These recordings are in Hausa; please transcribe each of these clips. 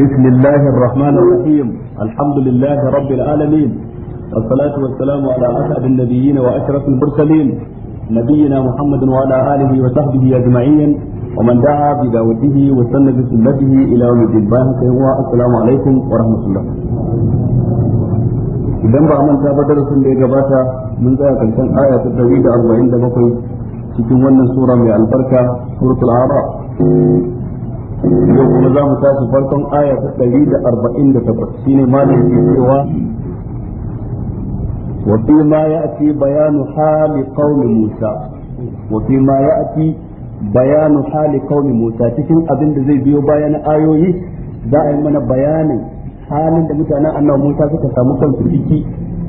بسم الله الرحمن الرحيم الحمد لله رب العالمين والصلاة والسلام على أسعد النبيين وأشرف المرسلين نبينا محمد وعلى آله وصحبه أجمعين ومن دعا بدعوته وسن بسنته إلى يوم الدين السلام عليكم ورحمة الله إذا ba manta ba darasin da من ذلك كان آية karshen أربعين ta في cikin سورة sura mai yau kuma za mu tafi farkon aya ta ɗari da arba'in da takwas shine da yake cewa wafi ma ya ake bayanu hali kawai musa wafi ma ya ake bayanu hali musa cikin abin da zai biyo bayan ayoyi za a yi mana bayanin halin da mutanen annabi musa suka samu kansu ciki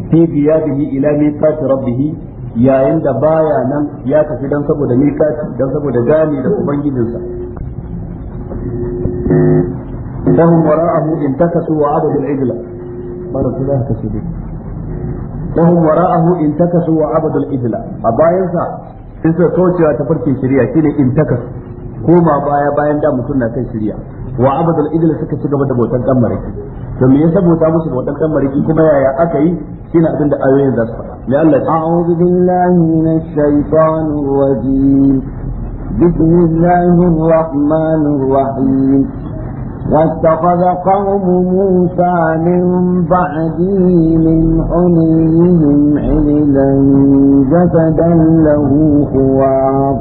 fi biyadihi ila miqati rabbih yayin da baya nan ya tafi dan saboda miqati dan saboda gani da ubangijinsa لهم وراءه انتكسوا وعبدوا العجلة بارك الله كسيدي وهم وراءه انتكسوا وعبدوا العجلة أبايزا إذا توجه تفركي شريعة كده انتكسوا كما بايا بايا دا متنا كي شريعة وعبدوا العجلة سكسوا قبل دبوتا كمريكي to me ya sabuta musu da wadannan mariki kuma yaya aka yi shine abin da ayoyin za su faɗa mai Allah a'udhu billahi minash shaitanir rajim bismillahir rahmanir rahim واتخذ قوم موسى من بعده من حليهم عجلا جسدا له خوار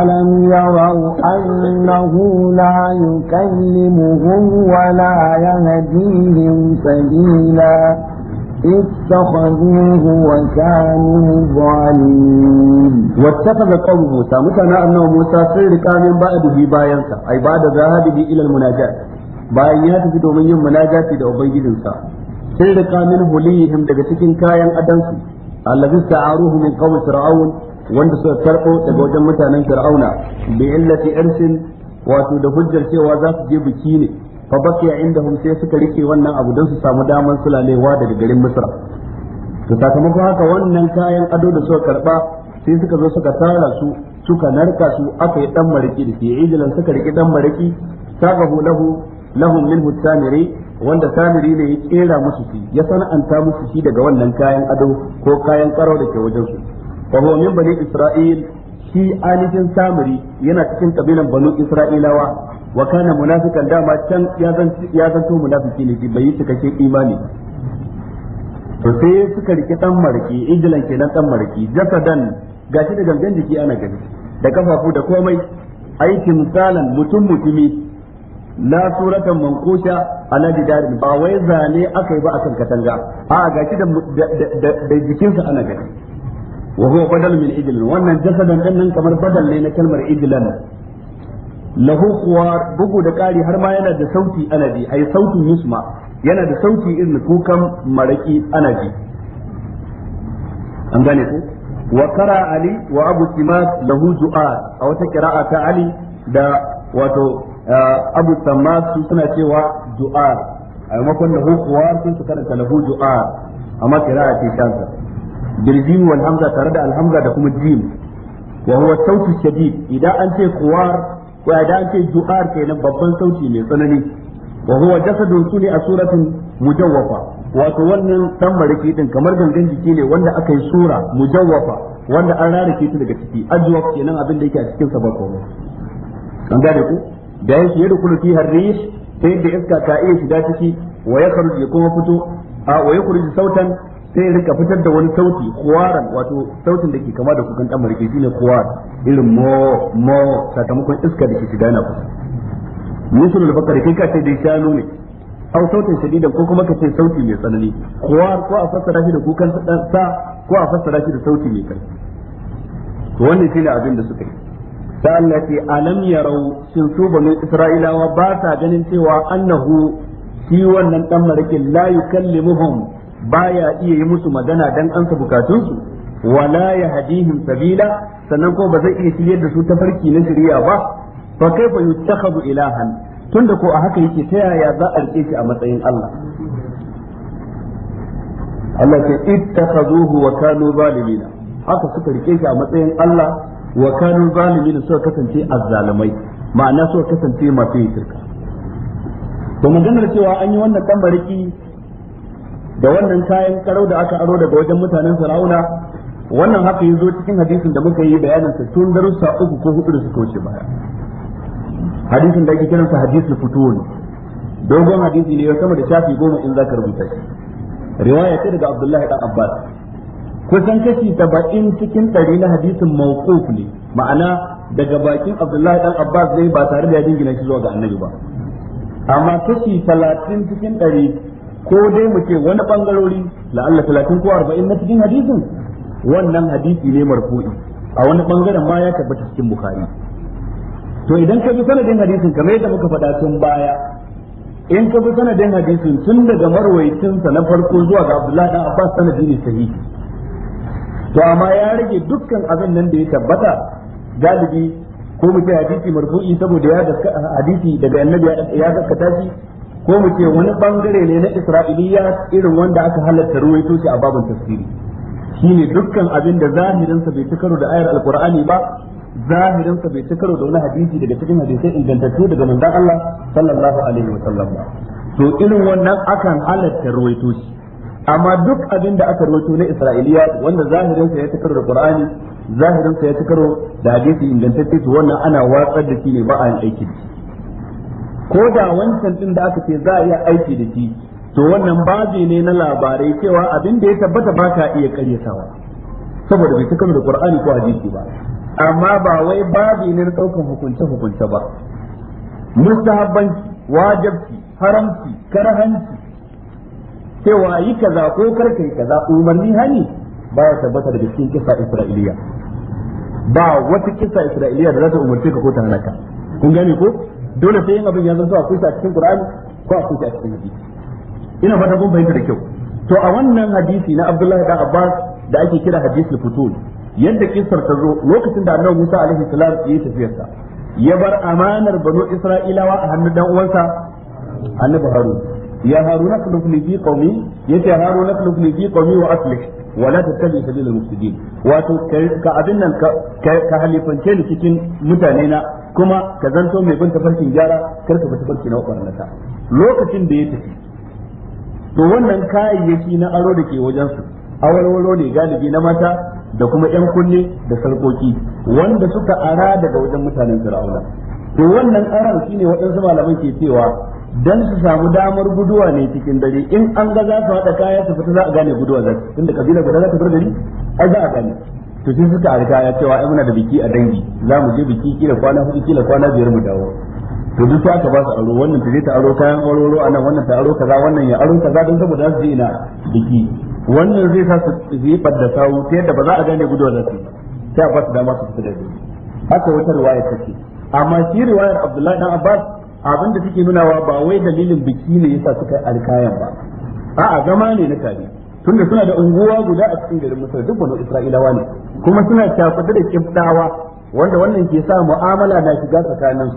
ألم يروا أنه لا يكلمهم ولا يهديهم سبيلا اتخذوه وكانوا ظالمين واتخذ قوم Musa متنا أنه موسى سيرك من بعده باينك أي بعد ذهابه إلى المناجاة bayan ya tafi domin yin munajati da ubangijinsa sai da kamin hulihim daga cikin kayan adansu allazi ta'aruhu min qawmi fir'aun wanda suka karbo daga wajen mutanen fir'auna bi illati irsin wato da hujjar cewa za su je biki ne fa bakiya indahum sai suka rike wannan abu don su samu daman sulalewa daga garin Misra to sakamakon haka wannan kayan ado da suka karba sai suka zo suka tara su suka narka su aka yi dan mariki da shi ijilan suka riki dan mariki sagahu lahu lahum minhu tamiri wanda tamiri ne ya kera musu shi ya sana'anta musu shi daga wannan kayan ado ko kayan karo da ke wajen su fa huwa min bani isra'il shi ainihin samiri yana cikin kabilan banu isra'ilawa wa kana munafikan dama can ya zanto munafiki ne bai yi cikakken imani to sai suka rike dan marki ijilan kenan dan maraki jasadan gashi da gangan jiki ana gani da kafafu da komai aiki misalan mutum mutumi la suratan manqusha ala didarin ba wai zane aka yi ba akan katanga a gashi da jikinsa ana gani wa huwa badal min wannan jasadan din nan kamar badal ne na kalmar ijlan lahu kuwa bugu da kari har ma yana da sauti ana ai sautin yusma yana da sauti irin kukan maraki ana ji an gane wa kara ali wa abu timas lahu a wata qira'a ta ali da wato abu timas suna cewa ju'ad a maimakon lahu sun su karanta lahu amma bil jim tare da al da kuma jim wa huwa sautu idan an ce kuwar ko idan an ce ju'ar kenan babban sauti mai tsanani wa huwa jasadun suni a suratin mujawwafa wato wannan dan mariki din kamar gangan jiki ne wanda aka yi sura mujawwafa wanda an rarake ta daga ciki ajwaf kenan abin da yake a cikin sa ba komai an gane ku da yake yadda kullu fi harrish ta yadda iska ka iya shiga ciki wa ya kuma fito a wa ya khuruj sautan sai rika fitar da wani sauti kuwaran wato sautin da ke kama da kukan ɗan marke shine kuwar irin mo mo sakamakon iska da ke shiga na kusa musulul bakari kai ka ce dai shanu ne au sautin shadidan ko kuma ka ce sauti mai tsanani kuwar ko a fassara shi da kukan sa ko a fassara shi da sauti mai kai. to wannan shine abin da suka yi da Allah ce alam yarau shin su banu isra'ilawa ba sa ganin cewa annahu shi wannan dan marakin la yukallimuhum baya iya yi musu magana dan ansa bukatunsu wala ya yahdihim sabila sannan ko ba zai iya shiryar da su ta farki na shiriya ba fa kaifa yuttakhadhu ilahan tunda ko a haka yake ta yaya za a rike shi a matsayin Allah Allah ce ittakhaduhu wa kanu zalimin haka suka rike shi a matsayin Allah wa kanu zalimin suka kasance azzalimai ma'ana suka kasance masu shirka to maganar cewa an yi wannan tambariki da wannan kayan karau da aka aro daga wajen mutanen Sarauna wannan haka zo cikin hadisin da muka yi bayanin sa tun darussa uku ko hudu da suka wuce baya hadisin da ake kiransa hadisul futun dogon hadisi ne ya sama da shafi goma in zaka rubuta shi riwaya ce daga Abdullahi dan Abbas kusan kashi 70 cikin ɗari na hadisin mawquf ne ma'ana daga bakin Abdullahi dan Abbas zai ba tare da ya dingina shi zuwa ga Annabi ba amma kashi talatin cikin ɗari. ko dai mu ce wani bangarori la'alla 30 ko 40 na cikin hadisin wannan hadisi ne marfu'i a wani bangaren ma ya tabbata cikin bukhari to idan ka bi sanadin hadisin kamar yadda muka faɗa tun baya in ka bi sanadin hadisin tun daga marwaicinsa na farko zuwa ga Abdullahi dan Abbas sanadi ne sahihi to amma ya rage dukkan abin nan da ya tabbata galibi ko mu ce hadisi marfu'i saboda ya hadisi daga annabi ya gaskata shi ko mu ce wani bangare ne na isra'iliya irin wanda aka halatta ruwaito shi a babin tafsiri shine dukkan abin da zahirinsa bai ci karo da ayar alqur'ani ba zahirinsa bai ci karo da wani hadisi daga cikin hadisai ingantattu daga manzon Allah sallallahu alaihi wa sallam to irin wannan akan halatta ruwaito shi amma duk abin da aka ruwaito na Isra'iliya wanda zahirinsa ya ci karo da Qur'ani zahirinsa ya ci karo da hadisi ingantacce wannan ana watsar da shi ne ba a yin aiki shi ko da wancan din da aka ce za a iya aiki da shi to wannan babi ne na labarai cewa abin da ya tabbata ba ka iya karyatawa saboda bai cika da qur'ani ko hadisi ba amma ba wai babi ne na daukan hukunce hukunce ba mustahabbanci wajibi haramci karhanci cewa yi kaza ko karka yi kaza umarni hani ba ya tabbata daga cikin kisa isra'iliya ba wata kisa isra'iliya da za ta umarce ka ko ta halaka kun gane ko dole sai yin abin ya zuwa kun shi a cikin Qur'ani ko a cikin hadisi ina fata kun fahimta da kyau to a wannan hadisi na Abdullahi da Abbas da ake kira hadisul futul yadda kisar ta zo lokacin da Annabi Musa alaihi salam yayi tafiyarsa ya bar amanar banu Isra'ilawa a hannun dan uwansa Annabi Harun ya Harun akhlifni fi qaumi yace Harun akhlifni fi qaumi wa aslih wa la tattabi sabilal mufsidin wato ka abin nan ka halifance ni cikin mutane na kuma ka zanto mai bin tafarkin gyara kar ka bi tafarki na barnata lokacin da ya tafi to wannan kayayyaki na aro da ke wajen su awarwaro ne galibi na mata da kuma yan kunne da sarkoki wanda suka ara daga wajen mutanen fir'auna to wannan karan shine waɗansu malamai ke cewa dan su samu damar guduwa ne cikin dare in an ga za su haɗa kaya su fita za a gane guduwa za su tunda kabila guda za ta bar gari ai za a gane to sai suka arka ya cewa ai muna da biki a dangi za mu je biki kila kwana hudu kila kwana biyar mu dawo to duk ta ka ba su aro wannan ta je ta aro kayan a anan wannan ta aro kaza wannan ya aro kaza don saboda su je ina biki wannan zai sa su yi fadda sawu ta yadda ba za a gane guduwa za su sai a ba su dama su fita da dare haka wata ruwaya take amma shi riwayar abdullahi dan abbas abin da take nunawa ba wai dalilin biki ne yasa suka alkayan ba a'a zama ne na tare tunda suna da unguwa guda a cikin garin Misir duk wani Isra'ilawa ne kuma suna takudu da kibdawa wanda wannan ke sa mu'amala na shiga tsakanin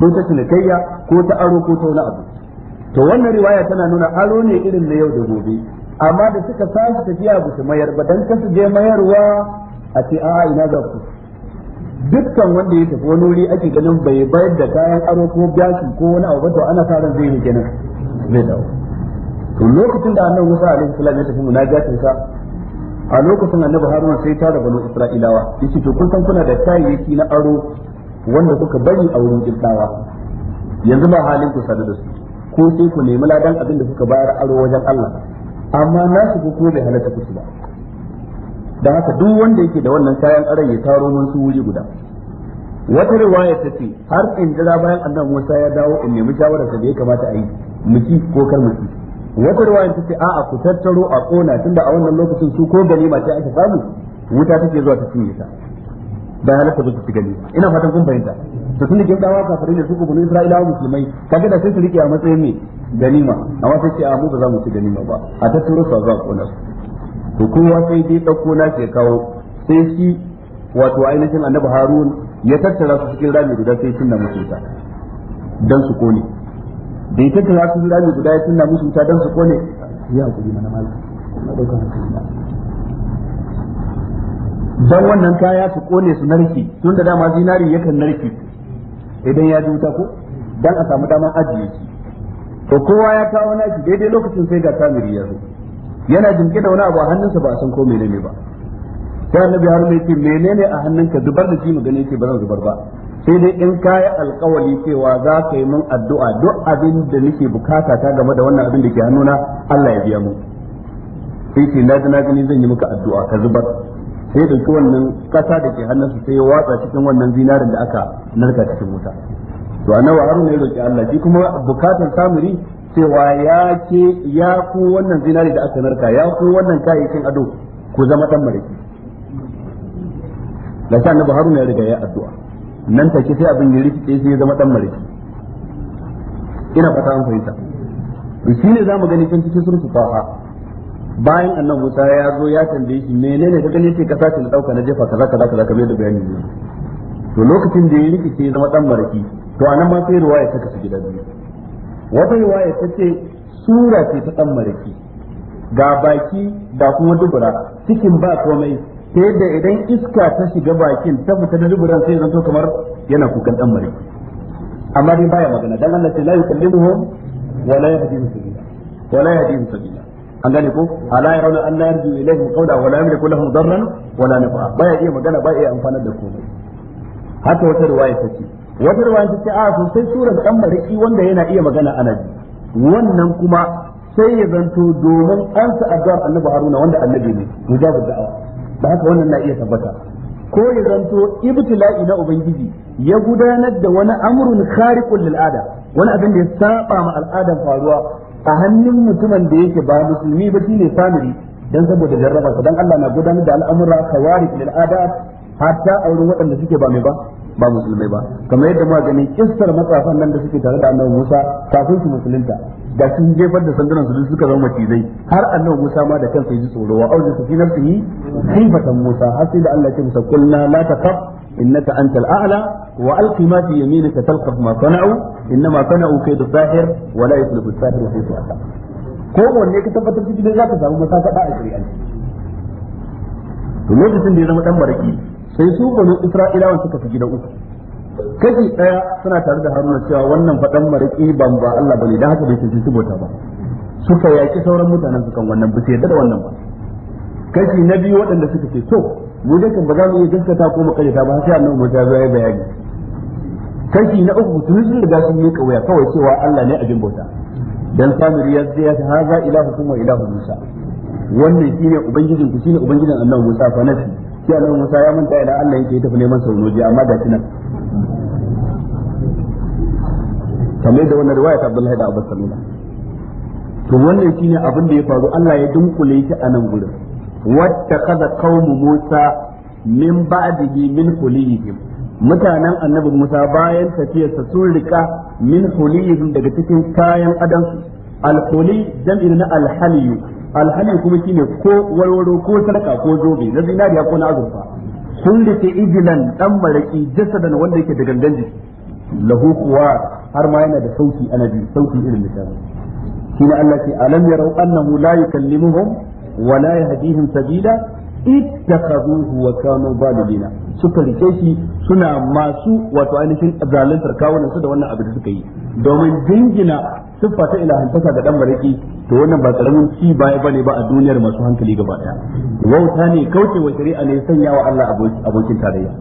ko ta cinikayya ko ta aro ko ta wani abu to wannan riwaya tana nuna aro ne irin na yau da gobe amma da suka sashi tafiya ba su mayar ba dan kasu je mayarwa a ce a'a ina za ku dukkan wanda ya tafi wani wuri ake ganin bai bayar da kayan aro ko gashi ko wani abu to ana sa ran zai yi kenan zai dawo to lokacin da annabi Musa alaihi salam ya tafi munajatin sa a lokacin annabi Haruna sai ta da banu Isra'ilawa yace to kun san kuna da kayayyaki na aro wanda kuka bari a wurin kiddawa yanzu ba halin ku sadu da su ko sai ku nemi ladan abin da kuka bayar aro wajen Allah amma nasu ku ko bai halaka ku ba da haka duk wanda yake da wannan kayan aran ya taro mun su wuri guda wata riwaya ta ce har in jira bayan annabi Musa ya dawo in nemi shawarar sa da ya kamata a yi miki ko kar miki wata riwaya ta ce a'a ku tattaro a kona tunda a wannan lokacin su ko ganima ce aka samu wuta take zuwa ta cinye ta da halatta ba su gani ina fatan kun fahimta to tun da kin dawo fara ne su ko bunu isra'ilawa musulmai kaga da sai su rike a matsayin ne ganima amma sai ce a mu ba za mu ci ganima ba a tattaro su a zuwa kona to kowa sai dai dauko na shi kawo sai shi wato ainihin annabi harun ya tattara su cikin rami guda sai cinna musu wuta dan su kone da ya tattara su cikin rami guda ya cinna musu wuta dan su kone ya hakuri mana mali na dauka hankali dan wannan kaya su kone su narki tun da dama zinari yakan narki idan ya ji wuta ko dan a samu daman ajiye shi to kowa ya kawo naki daidai lokacin sai ga samiri ya zo yana jimke da wani abu a hannunsa ba a san ko menene ba sai annabi har mai ce menene a hannunka zubar da shi mu gane ce ba zan zubar ba sai dai in kayi alkawali cewa za ka yi min addu'a duk abin da nake bukata ta game da wannan abin da ke hannuna Allah ya biya mu sai ce na ji na gani zan yi maka addu'a ka zubar sai da dauki wannan kasa da ke hannunsa sai ya watsa cikin wannan zinarin da aka narka cikin wuta to annabi har ya roki Allah shi kuma bukatan samuri cewa ya ke ya ku wannan zinari da aka narka ya ku wannan kayayyakin ado ku zama dan mariki da sha annabi haruna ya riga ya addu'a nan take sai abin ya rike sai ya zama dan mariki ina fata an fahimta shi ne zamu gani kan cikin sunu taha bayan annabi Musa ya zo ya tambaye shi menene ka gani ce ka ce na dauka na jefa kaza kaza kaza kamar yadda bayani ne to lokacin da ya sai ya zama dan mariki to anan ma sai ruwaya ta kasu gida biyu wata riwaya ta ce sura ce ta dan mariki ga baki da kuma dubura cikin ba komai ta yadda idan iska ta shiga bakin ta fita da duburan sai zanto kamar yana kukan dan mariki amma dai baya magana dan Allah ce la yukallimuhum wa la yahdihim sabila wa la yahdihim sabila an gane ko ala yarawna an la yarju ilaihim qawla wa la yamliku lahum darran wa la nafa baya iya magana baya iya amfanar da komai haka wata riwaya ta ce wata ruwan ta ce a sosai surar dan mariki wanda yana iya magana ana wannan kuma sai ya zanto domin ansa addu'ar annabi haruna wanda annabi ne mujabu da'awa da haka wannan na iya tabbata ko ya zanto ibtila'i na ubangiji ya gudanar da wani amrun khariqul lil'ada wani abin da ya saba ma al'adan faruwa a hannun mutumin da yake ba musulmi ba shine famiri dan saboda jarraba dan Allah na gudanar da al'amura kawari al'ada. hatta a wurin waɗanda suke ba mai ba ba musulmai ba kamar yadda muka gani kissar matsafan nan da suke tare da annabi Musa kafin su musulunta da sun jefar da sandunan su suka zama macizai har annabi Musa ma da kansa ji tsoro wa auzu fi nafsihi khifatan Musa har sai da Allah ya musa kulna la taqaf innaka antal a'la wa alqi ma fi yaminika talqaf ma sana'u innama sana'u kaydu sahir wa la yuflihu sahir fi su'ata ko wanne ka tabbatar cikin zaka samu masaka a shari'a to lokacin da ya zama dan baraki sai su banu isra'ilawan suka fi gida uku kashi daya suna tare da haruna cewa wannan faɗan mariki ban ba Allah bane dan haka bai tafi su bauta ba suka yaki sauran mutanen su kan wannan ba sai da wannan ba kashi na biyu waɗanda suka ce to mu dai kan ba za mu iya gaskata ko mu karyata ba sai annabi Musa ya yi bayani kashi na uku tun sun riga sun yi kawaya kawai cewa Allah ne abin bauta dan samiri ya ce ya ta haza ilahu kuma ilahu Musa wannan shine ubangijin ku shine ubangijin annabi Musa fa nasi shi annabi Musa ya manta idan Allah yake tafi neman saunoji amma ga shi nan kamar da wannan riwaya ta Abdullahi da Abu Salula to wannan shine abin da ya faru Allah ya dunkule shi a nan gurin kaza qaumu Musa min ba'dihi min hulihim mutanen annabi Musa bayan sa sun rika min hulihim daga cikin kayan adansu al-huli jam'in na al-haliyu alhali kuma shine ko warwaro ko sarka ko zobe na zinariya ko na azurfa sun rike ijilan dan maraki jasadan wanda yake da gangan jiki lahu kuwa har ma yana da sauki ana bi sauti irin misali shine Allah ce alam yarau annahu la yukallimuhum wa la yahdihim sabila ittakhaduhu wa kanu balidina suka rike shi suna masu wato ainihin zaluntar kawunan su da wannan abin da suka yi domin jingina siffa ta ilahantaka da dan bariki to wannan ba karamin ci baya bane ba a duniyar masu hankali gaba daya wauta ne kauce wa shari'a ne sanya wa Allah abokin tarayya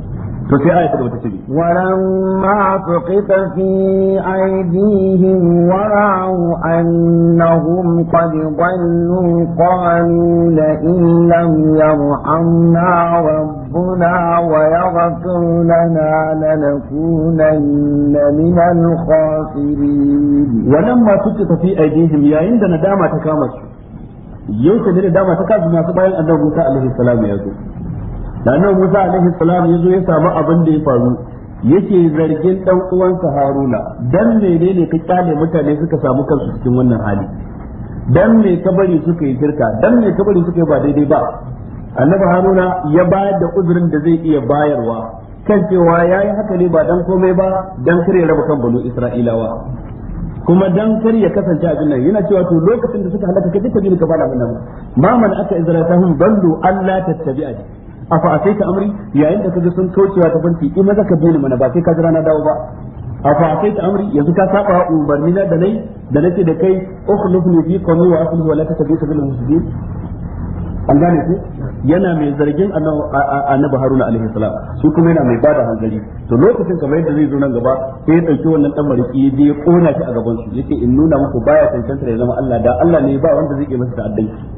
to sai aya ta gaba ta ce walamma tuqita fi aydihim wa ra'u annahum qad dhallu qalu la in lam yarhamna rabbuna wa yaghfir lana lanakunanna min al-khasirin walamma tuqita fi aydihim yayin da nadama ta kama su yau ne nadama ta kama su bayan annabi Musa alaihi salam ya zo da nan Musa alaihi salam zo ya samu abin da ya faru yake zargin dan uwansa Haruna dan menene ka kyale mutane suka samu kansu cikin wannan hali dan me ka bari suka yi shirka dan me ka bari suka yi ba daidai ba annabi Haruna ya bayar da uzurin da zai iya bayarwa kan cewa yayi haka ne ba dan komai ba dan kare raba kan banu Isra'ilawa kuma dan kar ya kasance abin nan yana cewa to lokacin da suka halaka kaje ka bi ka fara mun ma man aka izratahum ballu alla tattabi'a afa asaita amri yayin da kaga sun kaucewa ta banki in maza ka bani mana ba sai ka jira na dawo ba afa asaita amri yanzu ka saba umarni na da nai da nake da kai ni fi qawmi wa aslihu wa la tattabi sabil mufsidin an gane ku yana mai zargin annabi haruna alaihi salam su kuma yana mai bada hankali to lokacin kamar yadda zai zo nan gaba sai ya dauki wannan dan mariki ya je ya kona shi a gaban su yake in nuna muku baya tantance ya zama Allah da Allah ne ba wanda zai yi masa ta'addanci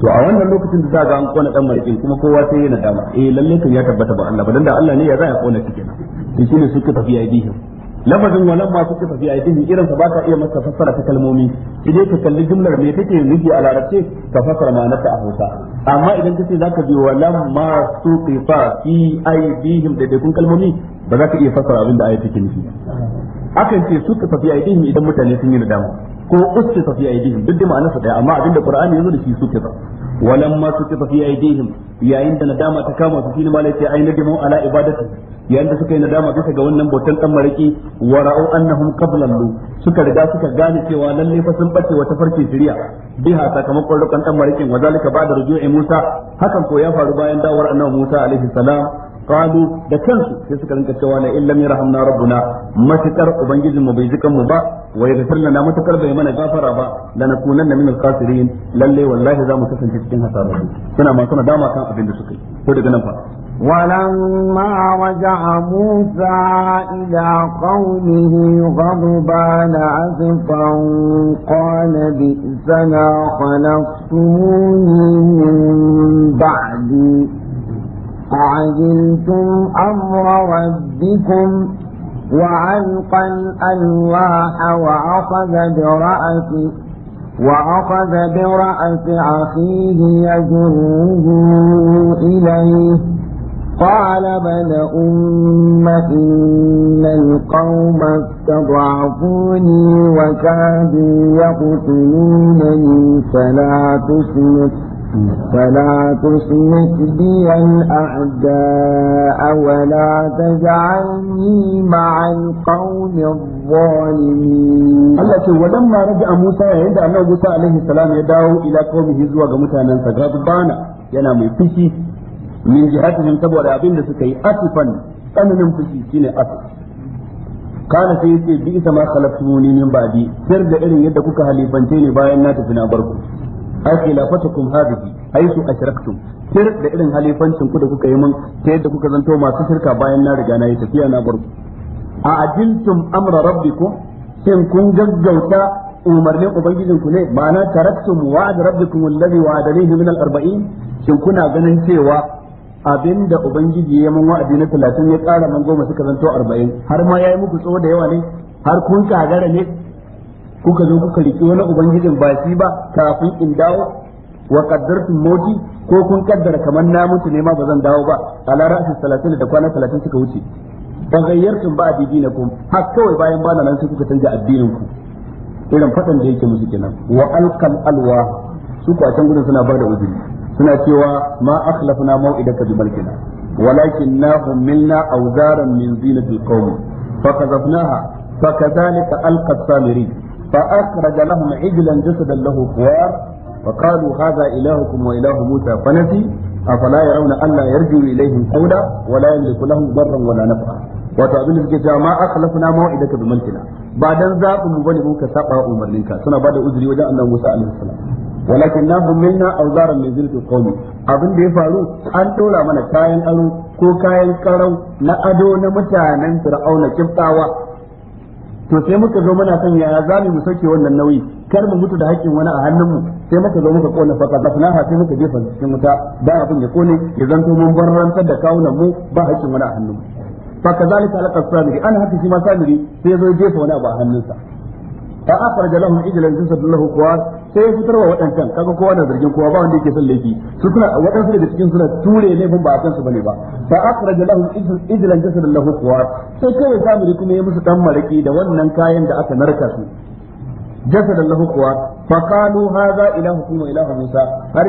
to a wannan lokacin da za ga an kona dan marikin kuma kowa sai yana dama eh lalle kan ya tabbata ba Allah ba dan da Allah ne ya za ya kona shi kenan shi shine suka tafi aidihi lafazin walan ma suka tafi aidihi irin sa ba ka iya masa fassara ta kalmomi idan ka kalli jumlar me take nufi a larabce ka fassara ma'anarta a Hausa amma idan kace zaka bi walan ma suqifa fi aidihim da dukkan kalmomi ba za ka iya fassara abin da ayat take nufi akan ce suka tafi aidihim idan mutane sun yi nadama ko uske tafi aidihim duk da sa daya amma abin da Qur'ani yazo da shi suka tafi ولما سقط في ايديهم يا da ندامة تكاما في شيء مالك اي ندموا على عبادته يا عند سكا ندامة بس ga wannan botan dan mariki wa ra'u annahum qablallu suka riga suka gane cewa lalle fa sun bace wata farki shiriya biha sakamakon rukan dan marikin wa zalika ba'da ruju'i Musa hakan ko ya faru bayan dawar annabi Musa alaihi salam qalu da kansu sai suka rinka cewa la illam yarhamna rabbuna matakar ubangijin mu bai jikan mu ba wa yaghfir na matukar bai mana gafara ba lanakunanna min al-khasirin lalle wallahi za mu kasance cikin hasara suna ma dama kan abin da suka yi ko daga nan fa ولما رجع موسى إلى قومه غضبان أسفا قال بئسنا خلقتموني من بعدي أعجلتم أمر ربكم وعلق الألواح وأخذ برأس وأخذ برأس أخيه يجره إليه قال بل أم إن القوم استضعفوني وكادوا يقتلونني فلا تسمح فلا تصمت بي الأعداء ولا تجعلني مع القوم الظالمين الله ce ولما رجع موسى عند أن موسى عليه السلام يدعو إلى قومه زوا غمتانا فغضبانا yana mai fushi min jihatihim saboda abin da suka yi asifan tsananin fushi shine asif kana sai bi isa ma khalaqtumuni min ba'di sir da irin yadda kuka halifance ni bayan na tafi na barku ai khilafatukum hadhihi haisu ashraktum sir da irin halifancin ku da kuka yi mun ta yadda kuka zanto masu shirka bayan na riga na yi tafiya na barku a ajiltum amra rabbikum shin kun gaggauta umarnin ubangijin ku ne ma'ana taraktum wa'ad rabbikum alladhi wa'adanihi min al-arba'in shin kuna ganin cewa abinda ubangiji ya mun wa'adi na 30 ya kara man goma suka zanto 40 har ma yayi muku tsawo da yawa ne har kun kagara ne kuka zo kuka riki wani ubangijin ba shi ba kafin in dawo wa qaddartum moti ko kun kaddara kamar na mutu ne ma ba zan dawo ba a ra'si salatin da kwana talatin suka wuce ba gayyartun ba addinakum har kawai bayan bana nan sai kuka canja addinin ku irin fadan da yake musu kenan wa alqal alwa su ku a can gudun suna bada uzuri suna cewa ma akhlafna mau'idaka bi balkina walakin na humilna awzaran min zinatil qawmi fakazafnaha fakadhalika alqa samiri فأخرج لهم عجلا جسدا له خوار فقالوا هذا إلهكم وإله موسى فنسي أفلا يرون ألا يرجو إليهم قولا ولا يملك لهم ضرا ولا نفعا wato abin da suke cewa ma akhlafna mau'idaka bi mulkina ba dan zabin mu bane muka saba umarninka suna bada uzuri wajen annabi Musa alaihi salam walakin na abin da ya faru an tura mana kayan aro ko kayan karau na ado na mutanen fir'auna kiftawa to sai muka zo muna son yaya za mu sauke wannan nauyi kar mu mutu da haƙƙin wani a hannun mu sai muka zo muka kona faka zafnaha sai muka jefa cikin wuta da abin ya kone ya zanto mun barrantar da kawunan mu ba haƙƙin wani a hannun mu fa kazalika alqa an haka shi ma samiri sai zo jefa wani abu a hannunsa fa akhraja lahum ijlan jasad lahu quwat sai fitarwa wadancan kaga kowa da zargin kowa ba wanda yake son laifi su suna wadansu daga cikin suna ture laifin ba a kansu bane ba fa da lahum ijlan jasad lahu kuwa sai kai samu kuma ya musu dan maraki da wannan kayan da aka narka su jasad lahu kuwa fa qalu hadha ilahukum wa ilahu musa har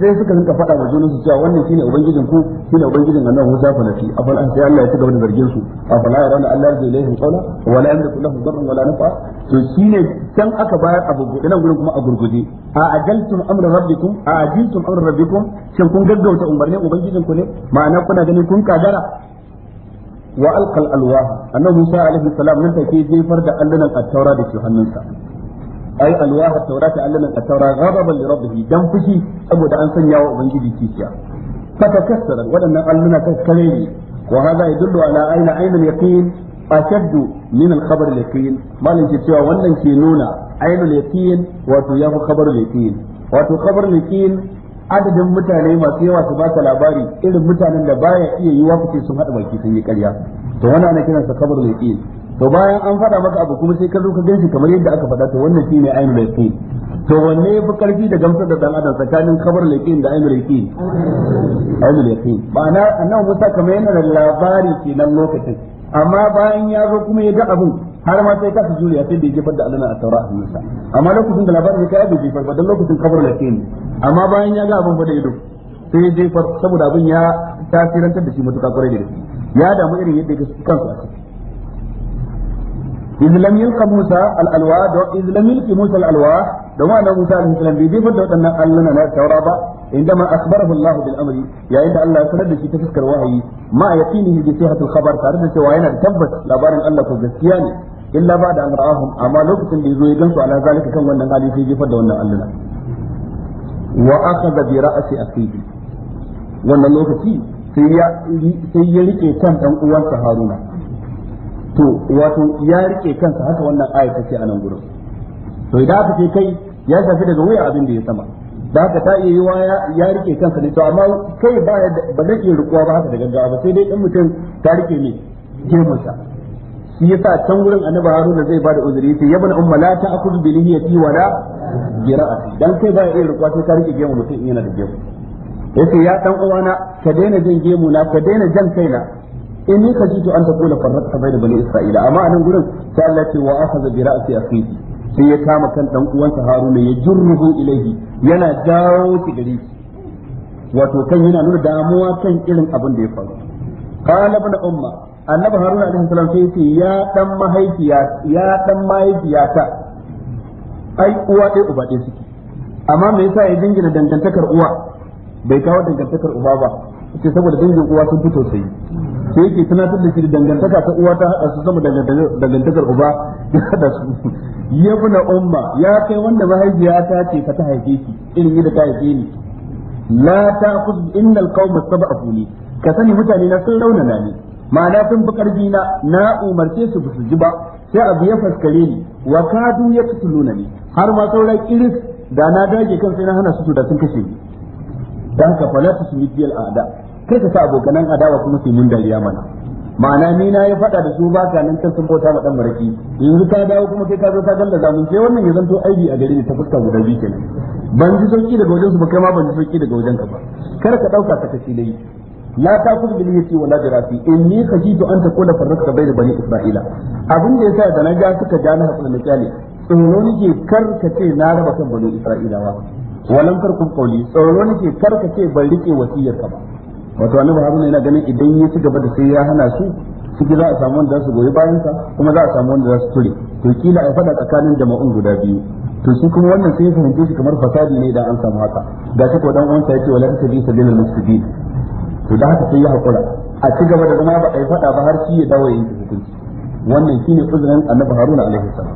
sai suka rinka faɗa wa junan su cewa wannan shine ubangijin ku shine ubangijin annabi musa fa nafi afal an sai Allah ya cigaba da zargin su afala yarana Allah yarji ilaihim qawla wala la yamliku lahum darran wa la nafa to shine can aka bayar abu nan gurin kuma a gurguje a ajaltum amra rabbikum a ajiltum amra rabbikum shin kun gaggauta umarnin ubangijin ku ne ma'ana kuna ganin kun kadara wa alqal alwa annabi Musa alaihi salam nan take jefar da allunan attaura da ke hannunsa ai alwah at-taurat allama at-taurat ghadaban li rabbih dan fushi saboda an sanya wa ubangiji kiciya fatakassara wadannan alluna kan kare wa hada yadullu ala ayna ayna yaqin ashaddu min al-khabar al-yaqin malin ce cewa wannan ke nuna ainul yaqin wato ya kabar khabar yaqin wato khabar yaqin adadin mutane masu yawa su baka labari irin mutanen da baya iya yiwa kace sun haɗa baki sun yi ƙarya to wannan ana kiransa khabar yaqin to bayan an faɗa maka abu kuma sai ka zo ka shi kamar yadda aka faɗa to wannan ne ainul laifi. to wanne fi karfi da gamsar da dan adam tsakanin kabar laifi. da ainul laifi. ainul yaqin ma'ana annabi Musa kamar yana da labari ke nan lokacin amma bayan ya zo kuma ya ga abin har ma sai su juriya sai da ya jefar da alana a taura a Musa amma lokacin da labarin ya kai bai jefar ba don lokacin kabar ne. amma bayan ya ga abin ba da ido sai ya jefar saboda abin ya tasirantar da shi matuƙa kwarai da shi. ya damu irin yadda ya ga kansu a ciki إذ لم يلقى موسى الألواح إذ لم يلقى موسى الألواح دوما أن موسى عليه السلام بيدي فدوت أن ألنا ناس تورابا عندما أخبره الله بالأمر يا إن الله سند شيء تفكر وهي ما يقينه بصيحة الخبر تعرف سواينا تبت لبارن الله كجسياني إلا بعد أن رآهم أما لوكت اللي زوي جنسوا على ذلك كم وأن قال يجي فدوت أن ألنا وأخذ برأس أخيه وأن لوكتي sai ya rike kan ɗan uwansa Haruna to wato ya rike kansa haka wannan ayat take a nan gurin to idan aka ce kai ya shafi daga wuya abin da ya sama da haka ta iya yiwa ya rike kansa ne to amma kai ba ba zai iya rikuwa ba haka da gaggawa ba sai dai dan mutum ta rike ne musa shi yasa can gurin annabi haruna zai bada uzuri sai yabna umma la ta'khudh bi lihiyati wa la jira'ati dan kai ba iya rikuwa sai ta rike gemu mutum yana da gemu yace ya dan uwana ka daina jin gemu na ka daina jan kaina ji to an farrata bai da bani isra'ila amma anan gurin sai Allah ce wa akhadha bi ra'si akhihi sai ya kama kan dan uwansa haruna ya jurruhu ilaihi yana jawo shi gari wato kan yana nuna damuwa kan irin abin da ya faru qala ibn umma annabi haruna alaihi salam sai ce ya dan mahaifiya ya dan mahaifiyata ai uwa dai uba dai suke amma me yasa ya dingina dangantakar uwa bai kawo dangantakar uba ba sai saboda dangin uwa sun fito sai sai yake tunatar da shi dangantaka ta uwa ta hada su sama dangantakar uba ya hada su ya buna umma ya kai wanda mahaifiya ta ce ka ta haife ki irin yadda ta haife ni la ta khudh innal qawma sab'afuni ka sani mutane na sun raunana ni ma'ana sun fi karfi na umarce su su ji ba sai abu ya faskare ni wa kadu ya tutuluna ni har ma sauran iris da na dage kan sai na hana su da sun kashe ni dan ka fala tusmidiyal a'da kar ka sa abokanan adawa kuma su mun dariya mana ma'ana ni na yi faɗa da su ba ka nan kan sun bauta ma dan maraki yanzu ka dawo kuma kai ka zo ka gallaza mun ce wannan ya zanto aibi a gare ni ta fuska guda biyu kenan ban ji sauki daga wajen su ba kai ma ban ji sauki daga wajen ka ba kar ka dauka ta kace dai la ta kudu bil yati wala in ni khajitu an ta kula farraqta bayna bani isra'ila abin da yasa da na ga suka ga na hakuri misali tsoro nake kar ka ce na raba kan bani isra'ilawa walan farkun kauli tsoro nake kar ka ce ban rike wasiyar ka ba wato annabi haruna yana ganin idan ya ci gaba da sai ya hana su ciki za a samu wanda za su goyi bayan sa kuma za a samu wanda za su ture to kila a fada tsakanin jama'un guda biyu to shi kuma wannan sai ya fahimce shi kamar fasadi ne idan an samu haka ga shi ko dan uwansa ya ce wala tabi sabilal mustaqim to da haka sai ya hakura a ci gaba da kuma ba a yi fada ba har shi ya dawo yin hukunci wannan shine uzurin annabi haruna alaihi salam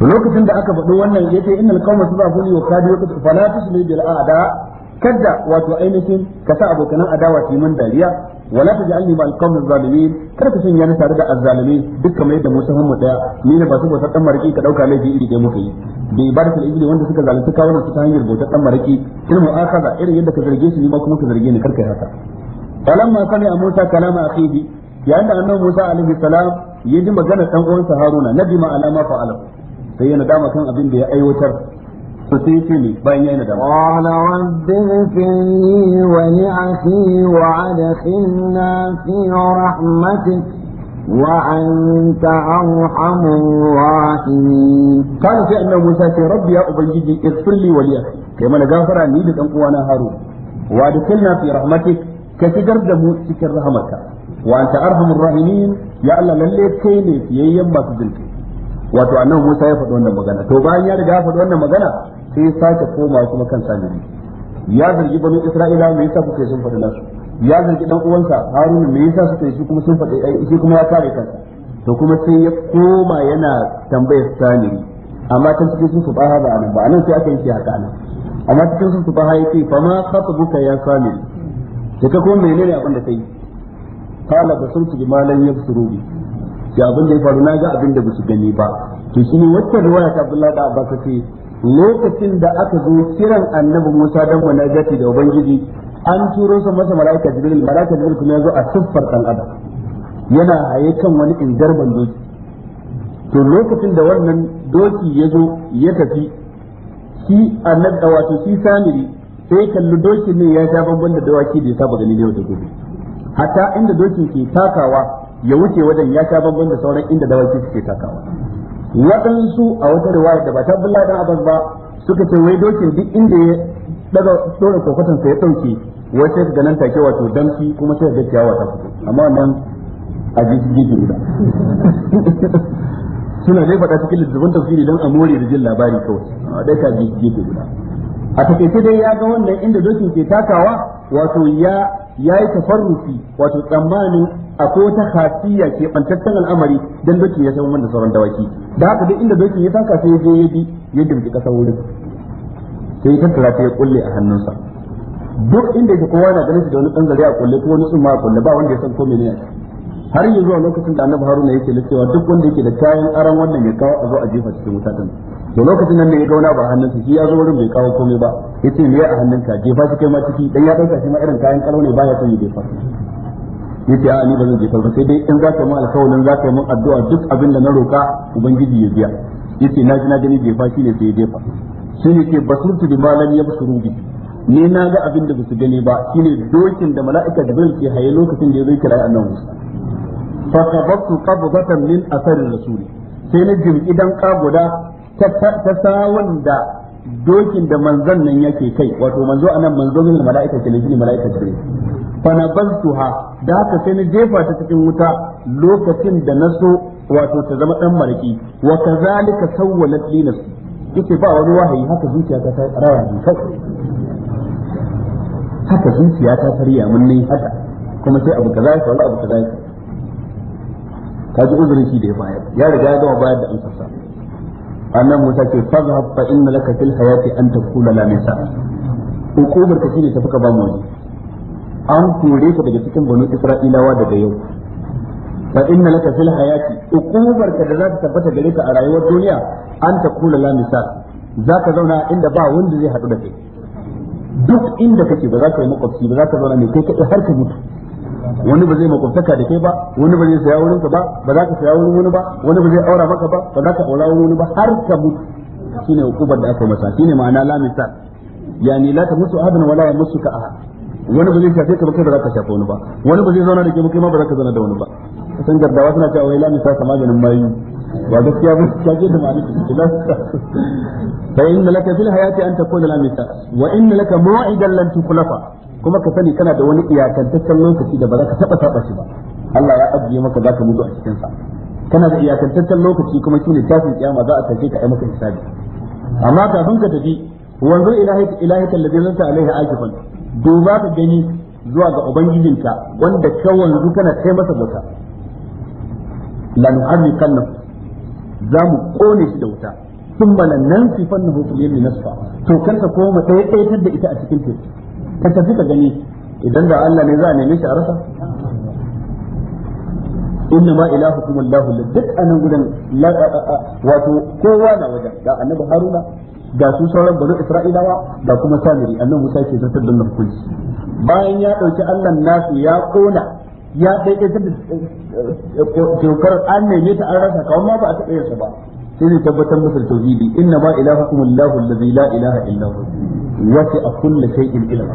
to lokacin da aka faɗo wannan yace innal qawma tudafuni wa kadu yaqtu fala tusmi bil a'da kada wato ainihin ka sa abokanan adawa su man dariya wala taj'alni ma'al qawmi zalimin kada ka sanya ni tare da azzalimi duk kamar yadda Musa mu daya ni ne ba su bautar dan mariki ka dauka laifi iri dai muka yi da ibadatul ibli wanda suka zalunci kawunan su ta hanyar bautar dan mariki ilmu akaza irin yadda ka zarge shi ni ma kuma ka zarge ni karkai haka falamma sami'a Musa kalama akhihi yayin da annabi Musa alaihi salam ya ji magana dan uwansa Haruna nabi ma alama fa'ala sai ya nadama kan abin da ya aiwatar فسيتني باين يين دام قال رب اغفر لي ولأخي في رحمتك وأنت أرحم الراحمين قال سيدنا موسى ربي يا أبنجي اغفر لي ولأخي كما نغفر لي لتنقوانا هارون وأدخلنا في رحمتك ka shigar da mu cikin wa anta arhamur rahimin ya Allah lalle kai ne fiyayyen masu jin wato annabi Musa ya faɗi wannan magana to bayan ya riga ya wannan magana sai ya sake koma kuma kan sajiri ya zargi bani isra'ila me yasa kuka sun faɗi nasu ya zargi dan uwansa haruna me yasa suka yi shi kuma sun faɗi shi kuma ya kare kansa to kuma sai ya koma yana tambayar sajiri amma kan cikin sun tuba ba anan ba anan sai aka yi shi haka nan amma cikin sun tuba yake fa ma khatabuka ya sajiri ka ko menene abin da kai kala ba sun tuji malan ya fusuru bi ya abin da ya faru na ga abin da ba su gani ba to shi ne wacce riwaya ta Abdullahi da Abbas ce lokacin da aka zo kiran annabi Musa dan munajati da ubangiji an turo sa masa malaika jibril malaika jibril kuma yazo a siffar dan adam yana haye kan wani ingar doki to lokacin da wannan doki ya zo ya tafi shi annabi wato shi samiri sai kalli doki ne ya sha bambam da dawaki da ya saba gani yau da gobe hatta inda dokin ke takawa ya wuce wajen ya sha bambam da sauran inda dawaki suke takawa waɗansu a wata riwaya da ba ta Abdullahi dan abas ba suka ce wai dokin duk inda ya daga dora kokotan sa ya dauke wace ga nan take wato damshi kuma sai da kyawa ta fito amma nan a jijiji guda suna dai faɗa cikin littattafan tafsiri don a more da jin labari kawai dai ka jijiji guda a takaice dai ya ga wannan inda dokin ke takawa wato ya Ya yi tafarrufi wato tsammanin ko ta khasiyya ke bantaccen al'amari dan dokin ya san wanda sauran dawaki da haka duk inda dokin ya taka sai ya bi ya dimki kasa wurin sai ta ta ya kulle a hannunsa duk inda ya kowa na ganin shi da wani ɗan zari a kulle ko wani tsumma a kulle ba wanda ya san ko menene har yi zuwa lokacin da annabi haruna yake lissewa duk wanda yake da kayan aran wannan ya kawo a zo a jefa cikin wuta din to lokacin nan ne ya gauna ba hannunsa shi ya zo wurin bai kawo komai ba yace me ya a hannun ka jefa shi kai ma ciki dan ya dauka shi ma irin kayan karo ne baya son ya jefa yace a ni ba zan jefa ba sai dai in za ka mu alkawalin za ka mu addu'a duk abin da na roka ubangiji ya biya yace na ji na gani jefa shi ne sai ya jefa shi ne ke basurtu bi malam yabsuru bi ni na ga abin da basu gani ba shine dokin da mala'ika jibril ke haye lokacin da ya zo kira annabi fa qabattu qabdatan min asarin rasuli sai na jirgi dan kaguda ta sawun da dokin da manzon nan yake kai wato manzo anan manzon ne mala'ika ke ne mala'ika ce fa nabaltuha da haka sai na jefa ta cikin wuta lokacin da na so wato ta zama dan maraki wa kazalika sawwalat li nafsi yace ba wani wahayi haka zuciya ta rawa ne kai haka zuciya ta tarya mun ne haka kuma sai abu kaza ya faru abu kaza ya faru kaji uzurin shi da ya bayar ya riga ya gama bayar da amsar sa annabi Musa ce fazhab fa inna laka fil hayati an taqula la misa hukumar ka shine tafi ka ba mu an kore ka daga cikin banu isra'ilawa daga yau fa inna laka fil hayati hukumar ka da za ta tabbata gare ka a rayuwar duniya an taqula la misa ka zauna inda ba wanda zai hadu da kai duk inda kake ba za ka yi makwabci ba za ka zauna mai kai kaɗai har ka mutu wani ba zai makwabtaka da kai ba wani ba zai saya ka ba ba za ka saya wurin wani ba wani ba zai aura maka ba ba za ka aura wurin wani ba har ka mutu shine hukubar da aka masa shine ma'ana la misal yani la ta musu ahadan wala ya musu ka ahad wani ba zai shafe ka ba kai ba za ka shafe wani ba wani ba zai zauna da kai ba kai ma ba za ka zauna da wani ba san gardawa suna cewa wai lamu sa maganin mayu ba gaskiya ba ta ce da maliki fa inna laka fil hayati an takuna lamisa wa inna laka maw'idan lan tukhlafa kuma ka sani kana da wani iyakantaccen lokaci da ba za ka taba taba shi ba Allah ya ajiye maka ka mutu a cikin sa kana da iyakantaccen lokaci kuma shine tashin kiyama za a tafi ka ai maka hisabi amma kafin ka tafi wanzu ilahika ilahika alladhi lanta alaihi akifan duba ka gani zuwa ga ubangijinka wanda ka wanzu kana kai masa bauta lanuharrikannahu za mu kone shi da wuta ثم لننسفنه في اليم نسفا to kar ka ta yaitar da ita a cikin teku ta tafi ka gani idan da Allah ne za a neme shi a rasa inna ma ilahukum Allah duk anan gudan wato kowa na wajen ga annabi Haruna ga su sauran bani Isra'ilawa ga kuma Samiri annabi Musa ke zartar da hukunci bayan ya dauki Allah nasu ya kona ya ɗaiɗaitar da tokar eh, eh, an neme ta an rasa kawai ma ba a taɓa yinsa ba sai zai tabbatar musul tauhidi inna ma ilahakum allahu allazi la ilaha illa hu wasi a kulli shay'in ilma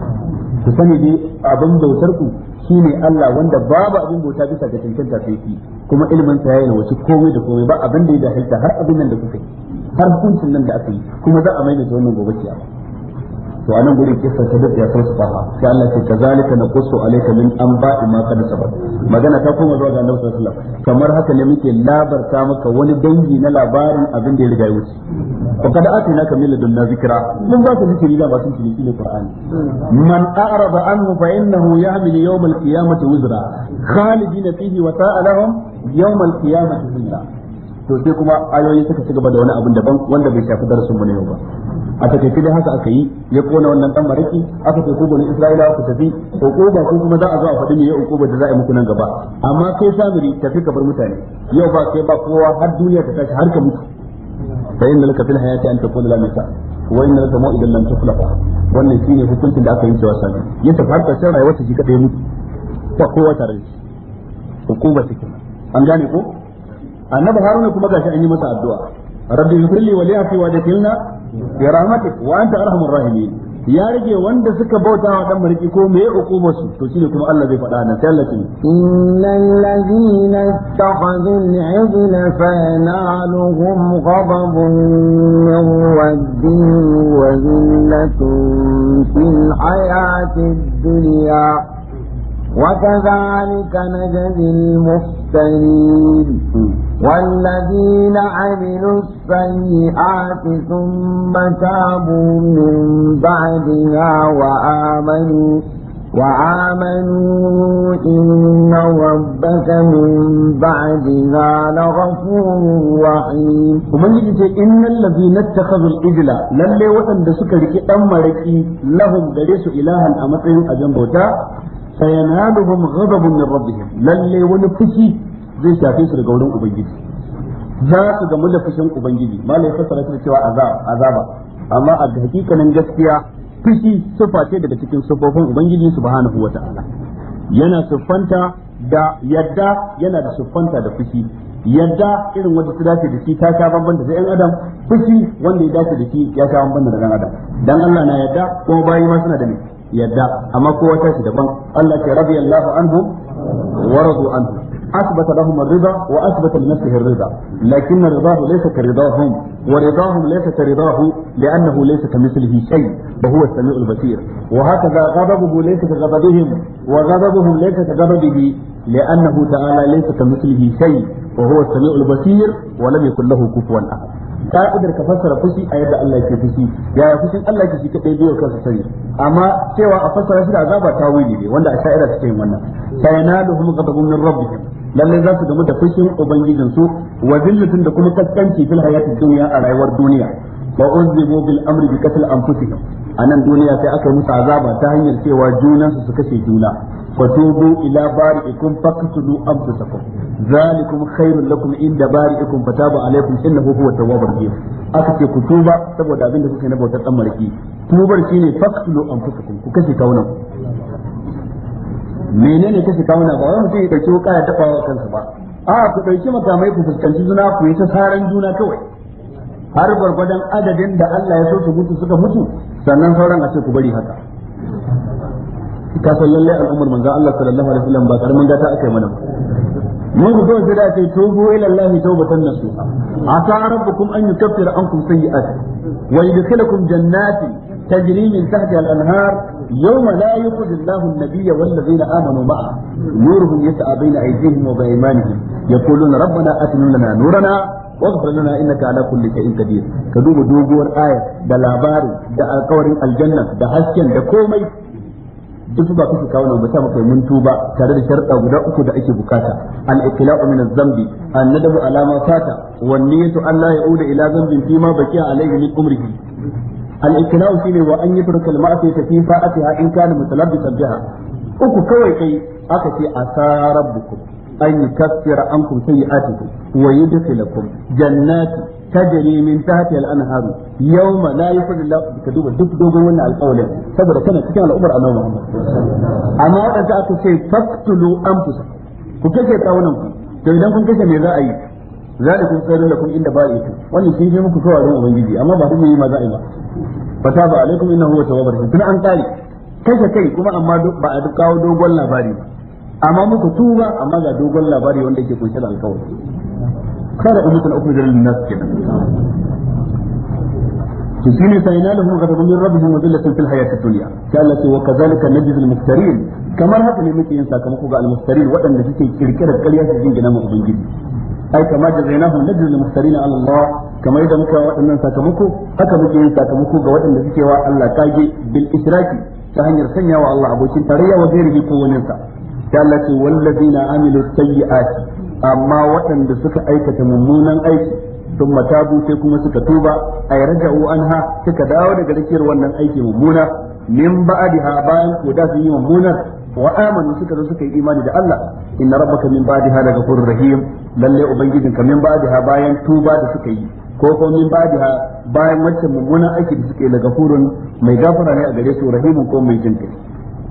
ku sani dai abin bautar ku shine Allah wanda babu abin bauta bisa ga tantanta sai kuma ilimin sa yayin wasu komai da komai ba abin da ya da har abin nan da kuka yi har hukuncin nan da aka yi kuma za a maimaita wannan gobe kiyama to anan gurin kissa ta duk ya farsu baha sai Allah ce kazalika naqussu alayka min anba'i ma qad sabat magana ta koma zuwa ga Annabi sallallahu alaihi wasallam kamar haka ne muke labarta maka wani dangi na labarin abin da ya riga ya wuce fa kad atina ka min ladunna zikra mun ba ka zikiri da batun cikin cikin Qur'ani man a'rada anhu fa innahu ya'malu yawm al-qiyamati wizra khalidina fihi wa sa'alahum yawm al-qiyamati billah to sai kuma ayoyi suka ci gaba da wani abin daban wanda bai shafi darasin mu ne ba a takaice dai haka aka yi ya kona wannan dan mariki aka ce ku bani isra'ila ku tafi ko ko kuma za a zo a faɗi me ya ba da za a yi muku nan gaba amma kai samiri tafi ka bar mutane yau ba kai ba kowa har duniya ta tashi har ka mutu fa inna laka fil hayati an takuna la mita wa inna laka mau'idan lan tuflaha wannan shine hukuncin da aka yi cewa sami ya tafi har karshen rayuwar ta ji kada ya mutu ba kowa tare da shi hukuma take an gane ko annabi haruna kuma gashi an yi masa addu'a rabbi yusalli wa liyafi wa dakilna bi rahmatik wa anta arhamur rahimin ya rage wanda suka bauta wa dan mariki ko me uquba su to shine kuma Allah zai faɗa nan sai Allah ce innal ladina takhadhu al-ibna fa yanaluhum ghadabun min rabbihim wa zillatun fil hayatid dunya وكذلك نجزي المفترين والذين عملوا السيئات ثم تابوا من بعدها وآمنوا وآمنوا إن ربك من بعدها لغفور رحيم ومن يجد إن الذين اتخذوا الإجلة للي وطن دسك لكي أمرك لهم درس إلها أمطين أجنبوتا فينالهم na من lallai wani fushi zai shafe su da wurin ubangiji za su gamu da fushin ubangiji malai fassara shi cewa azaba amma a hakikanin gaskiya fushi sufa ce daga cikin sufofin ubangiji subhanahu wata'ala yana siffanta da yadda yana da siffanta da fushi yadda irin wanda ta dace da shi ta sha bamban da ɗan adam fushi wanda ya dace da shi ya sha bamban da ɗan adam dan Allah na yadda kuma bayi ma suna da ni yadda amma ko wata shi daban Allah ke rabi Allahu anhu wa anhu asbata lahum ar-ridha wa asbata li nafsihi ar-ridha lakin ar-ridha laysa ka ridahum wa ridahum laysa ka ridahu ka mithlihi shay wa huwa as-sami'u al-basir wa hakadha ghadabuhu laysa ka ghadabihim wa ghadabuhum laysa ka ghadabihi li'annahu ta'ala laysa ka mithlihi shay wa huwa as-sami'u al-basir wa lam yakul lahu ka'idar ka fassara fushi a yadda Allah ke fushi yaya fushin Allah ke shi ya biyo kansa sani amma cewa a fassara shi da azaba tawili ne wanda a sha'ira suke yin wannan kuma ghadabun min rabbihim lalle za su gamu da fushin ubangijin su wa zillatun da kuma kaskanci fil hayatid dunya a rayuwar duniya fa uzibu bil amri bi qatl anfusihim anan duniya sai aka musu azaba ta hanyar cewa junan su kashe juna fatubu ila bari'ikum faqtulu anfusakum zalikum khairul lakum inda bari'ikum fataba alaykum innahu huwa tawwabur rahim aka ce ku tuba saboda abin da kuka na bautar dan marki tubar shine faqtulu anfusakum ku kashe kaunan menene kashe kauna ba wai mutum ya dauki wuka ya taba kansa ba a ku dauki makamai ku fuskanci juna ku yi ta saran juna kawai har gwargwadon adadin da Allah ya so su mutu suka mutu sannan sauran a ce ku bari haka ka san lalle al'ummar manzo Allah sallallahu alaihi wasallam ba karamin gata aka yi mana mun ku zo da ce tubu ila Allah tawbatan nasuha asa rabbukum an yukaffira ankum sayyi'atikum wa yudkhilakum jannatin tajri min tahtiha al-anhar يوم لا يخرج الله النبي والذين امنوا معه نورهم يسعى بين ايديهم وبايمانهم يقولون ربنا اتم لنا نورنا واغفر لنا انك على كل شيء قدير كدوب دوغور ايه ده لاباري ده القوري الجنه ده حسين ده كومي duk ba kuka kawo nan mutum kai mun tuba da sharɗa guda uku da ake bukata an ikhlasu min alama fata wa niyyatu an la ya'uda ila zambin fi ma baqiya alayhi min al-ikna'u ne wa an yutruka al-ma'siyata fi ha in kana mutalabbisan biha uku kawai kai aka ce asarabbukum an yukaffira ankum sayi'atikum wa yudkhilakum jannati tajri min tahtiha al-anharu yawma la yufid Allah ka duba duk dogon wannan alƙawarin saboda kana cikin al'ummar Annabi Muhammad amma wadanda aka ce faktulu anfusakum ku kace kawunan ku to idan kun kace me za a yi zalikum khairul lakum inda ba'ikum wannan shi ne muku kowa don ubangiji amma ba kuma yi ma za'i ba fataba alaikum innahu huwa tawwabur rahim tun an tsari kashe kai kuma amma ba a kawo dogon labari amma muku tuba amma ga dogon labari wanda yake kunshe da alkawari kana ummatan ukhrijat lin nas kenan to shine sai na lahum ghadabun min rabbihim wa dhillatun fil hayatid dunya sai Allah ce wa kadhalika najzi al muftarin kamar haka ne muke yin sakamako ga al muftarin waɗanda suke kirkirar ƙarya su gina mu ubangiji ai kama da zainahu najzul muhtarina ala Allah kamar yadda muka waɗannan sakamako haka muke yin sakamako ga waɗanda suke wa Allah kage bil israki ta hanyar sanya wa Allah abokin tarayya wa gairihi ko wani sa ta Allah ce wallazina amilu sayyi'ati amma waɗanda suka aikata mummunan aiki sun matabu sai kuma suka tuba ay raja'u anha suka dawo daga rikiyar wannan aiki mummuna min ba'diha bayan ko da su yi mummunar wa amanu suka zo suka yi imani da Allah inna rabbaka min ba'daha la ghafurur rahim lalle ubangijin ka min ha bayan tuba da suka yi ko ko min ha bayan wancan mummunan aiki da suka yi la mai gafara ne a gare su rahimun ko mai jinkai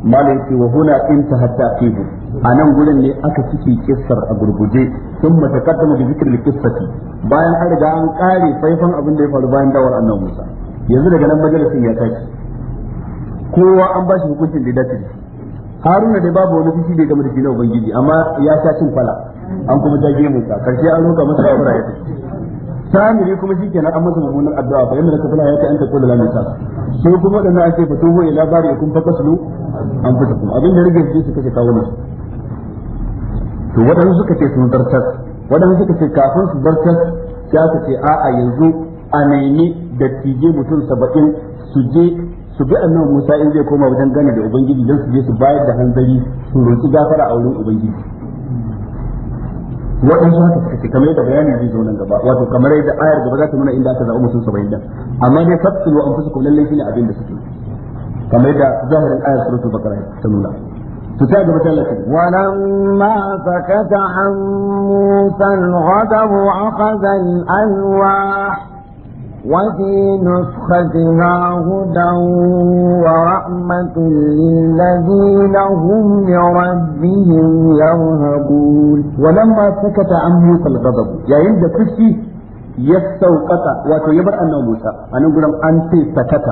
malai ce wa huna intaha taqibu anan gurin ne aka cike kissar a gurguje sun mata kaddama da zikr kissati bayan an an kare faifan abin da ya faru bayan dawar annabi Musa yanzu daga nan majalisin ya tashi kowa an bashi hukuncin da dace haruna dai babu wani fushi da game da shi na ubangiji amma ya sha cin fala an kuma ja gemun ta karshe an roƙa masa ya ya samiri kuma shi kenan an masa mummunar addu'a fa yamma ka fala ya ta anta kula lamin sa sai kuma da na ake fito ho ila bari kun fa kaslu an fita kuma abin da rage shi su kace kawo musu to wadansu suka ce sun zartar wadansu suka ce kafin su zartar sai aka ce a'a yanzu a naimi da tije mutum saba'in su je su bi annabi Musa in zai koma wajen gane da ubangiji don su je su bayar da hanzari su roki gafara a wurin ubangiji waɗansu haka suka ce kamar yadda bayani zai zo nan gaba wato kamar yadda ayar gaba za ta nuna inda aka zaɓi mutum saba'in da amma ne fatsilu an fusa kuma lallai ne abin da suke kamar yadda zahirin ayar suratul bakara ta nuna ولما سكت عن موسى الغضب أخذ الألواح وفي نسختها هدى ورحمة للذين هم لربهم يرهبون ولما سكت عن موسى الغضب يا يند كشي يستوقت واتو يبر أنه موسى أنا أقول أنت سكت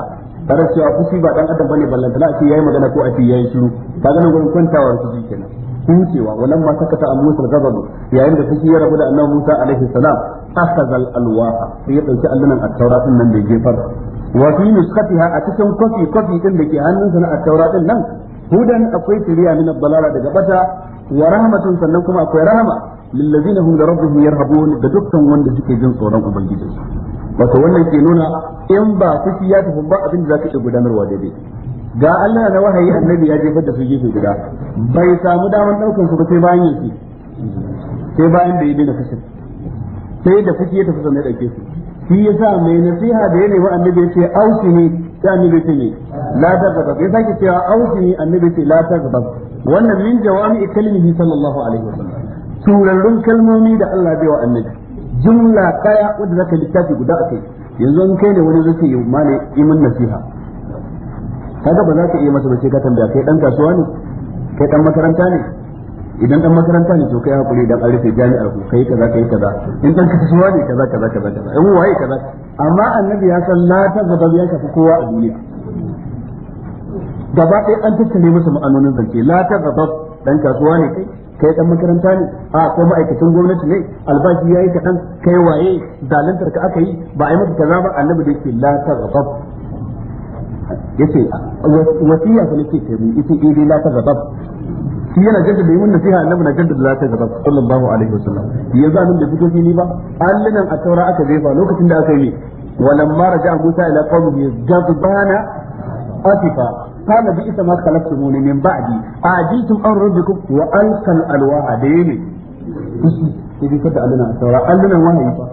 tare cewa fushi ba dan adam bane ballantana a ce yayi magana ko a ce yayi shiru kaga nan gurin kwantawa su kenan hucewa walan ma sakata an musa gazabu yayin da take ya rabu da annabi Musa alaihi salam akhadha alwaha sai ya dauki allunan at-taura nan da gefar wa fi nuskatiha a cikin kofi kofi din da ke hannunsa na at-taura din nan hudan akwai shari'a min balala daga bata wa rahmatun sannan kuma akwai rahama lillazina hum li yarhabun da dukkan wanda suke jin tsoron ubangiji wato wannan ke nuna in ba kuki ya tafi ba abin da zaka iya gudanarwa daidai ga Allah na wahayi annabi ya jefar da su gefe guda bai samu daman daukan su ba sai bayan yake sai bayan da ya daina kashe sai da fuki ya tafi sannan ya dauke su shi yasa mai nasiha da ya nemi annabi ya ce auki ne sai annabi ce ne la taghdab ya sake cewa auki ne annabi ce la ta taghdab wannan min jawami kalmihi sallallahu alaihi wasallam turarrun kalmomi da Allah bai wa annabi jumla kaya wanda zaka littafi guda a kai. yanzu an kai ne wani zai ce yau male iman nasiha kaga ba za ka iya masa ba sai ka tambaya kai dan kasuwa ne kai dan makaranta ne idan dan makaranta ne to kai hakuri dan arife jami'ar ku kai kaza kai kaza in dan kasuwa ne kaza kaza kaza kaza in waye kaza amma annabi ya san la ta gaba ya ka kowa a duniya gaba ɗaya an tattale masa ma'anonin zance la ta gaba dan kasuwa ne kai kai dan makaranta ne a ko ma'aikatan gwamnati ne albashi yayi kaɗan kai waye zalantar ka aka yi ba a yi masa kaza ba annabi da ke la ta gaba yace wasiya fa nake kai mu ita idai la ta zabab shi yana jaddada yin nasiha annabi na jaddada la ta zabab sallallahu alaihi wasallam yanzu annabi da fito ni ba allinan a taura aka jefa lokacin da aka yi ولما رجع موسى الى قومه غضبان اسفا قال بئس ما خلفتموني من بعدي اعجلتم امر ربكم والقى الالواح ديني إذا كنت علينا التوراة قال لنا وهي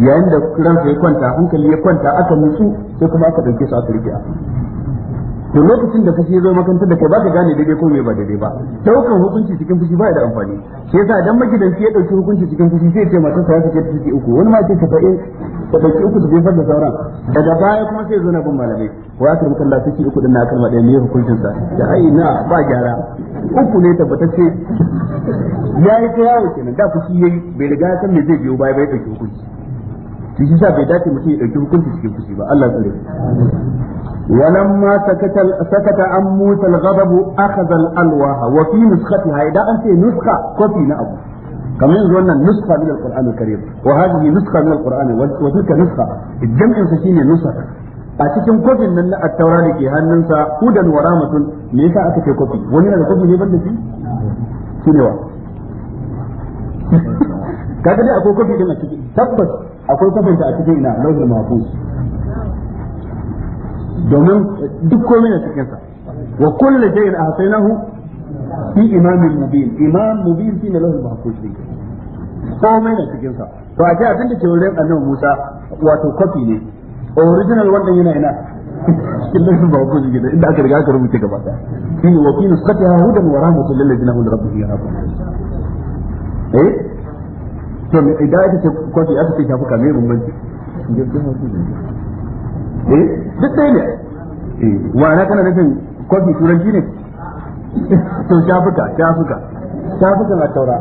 yayin da ransa ya kwanta hankali ya kwanta aka nutsu sai kuma aka dauke su aka rike to lokacin da kashi zo makanta da kai baka gane daidai ko me ba daidai ba daukan hukunci cikin fushi ba da amfani shi yasa idan magidanci ya dauki hukunci cikin fushi sai ya ce matarsa ya fice ciki uku wani ma ce ka fa'in ka dauki uku su jefar da sauran daga baya kuma sai zo na bin malamai wa akram kalla ciki uku din na kalma ɗaya ne hukuncin sa da ai na ba gyara uku ne tabbatacce yayi ta yawo kenan da fushi yayi bai riga san me zai biyo baya bai dauki hukunci shi sa bai dace mutum ya ɗauki hukunci cikin fushi ba Allah tsare ولما سكت سكت عن موسى الغضب na abu. وفي yanzu wannan انت نسخه كوفي نأبو كما يقولون نسخه من القران الكريم وهذه نسخه من القران وتلك نسخه الجمع شيء نسخ a cikin kofin nan na attaura da ke hannunsa hudan wa ramatun me yasa aka ce kofi wani daga kofi ne ban shi shi ne wa kaga dai akwai kofi din a ciki tabbas akwai kwatanta a cikin ina lauhul mahfuz domin duk komai na cikin sa wa kullu shay'in ahsaynahu fi imamin mubin imam mubin shine lauhul mahfuz ne komai na cikin sa to a ce abin da ke wurin annabi Musa wato copy ne original wannan yana ina cikin laifin ba hukunci gida inda aka riga aka rubuta gaba ɗaya shine wa fi nusqatiha hudan wa rahmatan lil ladina hum rabbihim yarhabun eh to me idan aka ce kwafi aka ce shafuka me bambanci eh duk ɗaya ne wa eh, na kana nufin kwafi turanci ne to shafuka shafuka shafuka na taura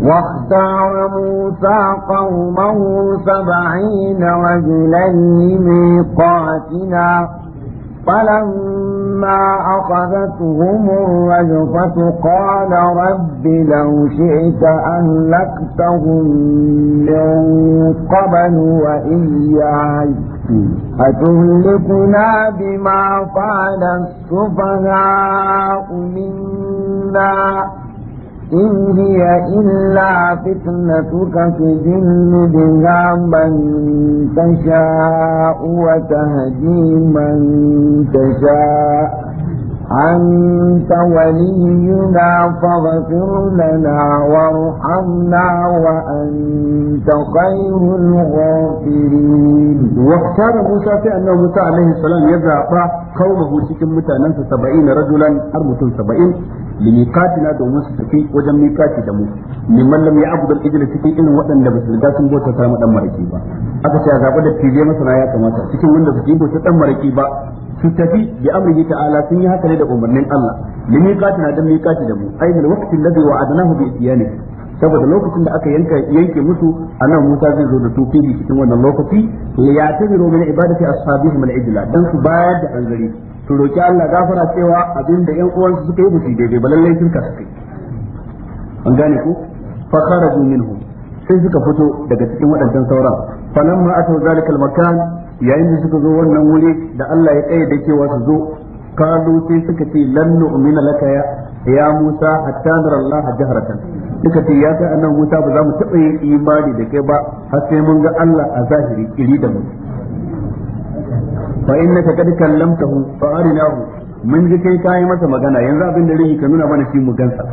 واختار موسى قومه سبعين رجلا لميقاتنا فلما أخذتهم الرجفة قال رب لو شئت أهلكتهم من قبل وإياي أتهلكنا بما فعل السفهاء منا إن هي إلا فتنتك تجل بها من تشاء وتهدي من تشاء أنت ولينا فاغفر لنا وارحمنا وأنت خير الغافرين واختار موسى في أنه موسى عليه السلام يزعف قومه سكن متانا سبعين رجلا أربعة سبعين لميقاتنا دوم ستفي وجم ميقات دمو لمن لم يعبد الإجل سكي إن وطن لبس لجاسم بوتا سلامة أمريكي با أكتا يزعف لك في جيمة سنايا كما تسكن من لبس لجاسم بوتا أمريكي با su tafi bi amrihi ta'ala sun yi haka ne da umarnin Allah li da dan miqati da mu ai ainihin waqtin ladhi wa'adnahu bi ne saboda lokacin da aka yanka yanke musu annabi Musa zai zo da tufi cikin wannan lokaci li ya'tadiru min ibadati ashabihim al-ijla dan su bayar da anzari su roki Allah gafara cewa abinda yan uwansu suka yi musu daidai ba lallai sun kasu an gane ku fa kharaju minhum sai suka fito daga cikin waɗancan sauran falamma atau zalikal makan yayin da suka zo wannan wuri da Allah ya da cewa su zo kalu sai suka ce lan nu'mina laka ya ya Musa hatta nara Allah suka ce ya kai annabi Musa ba za mu taba yin imani da kai ba har sai mun ga Allah a zahiri iri da mu fa innaka kad kallamtahu fa arinahu mun ji kai kai masa magana yanzu abin da rihi ka nuna mana shi mu gansa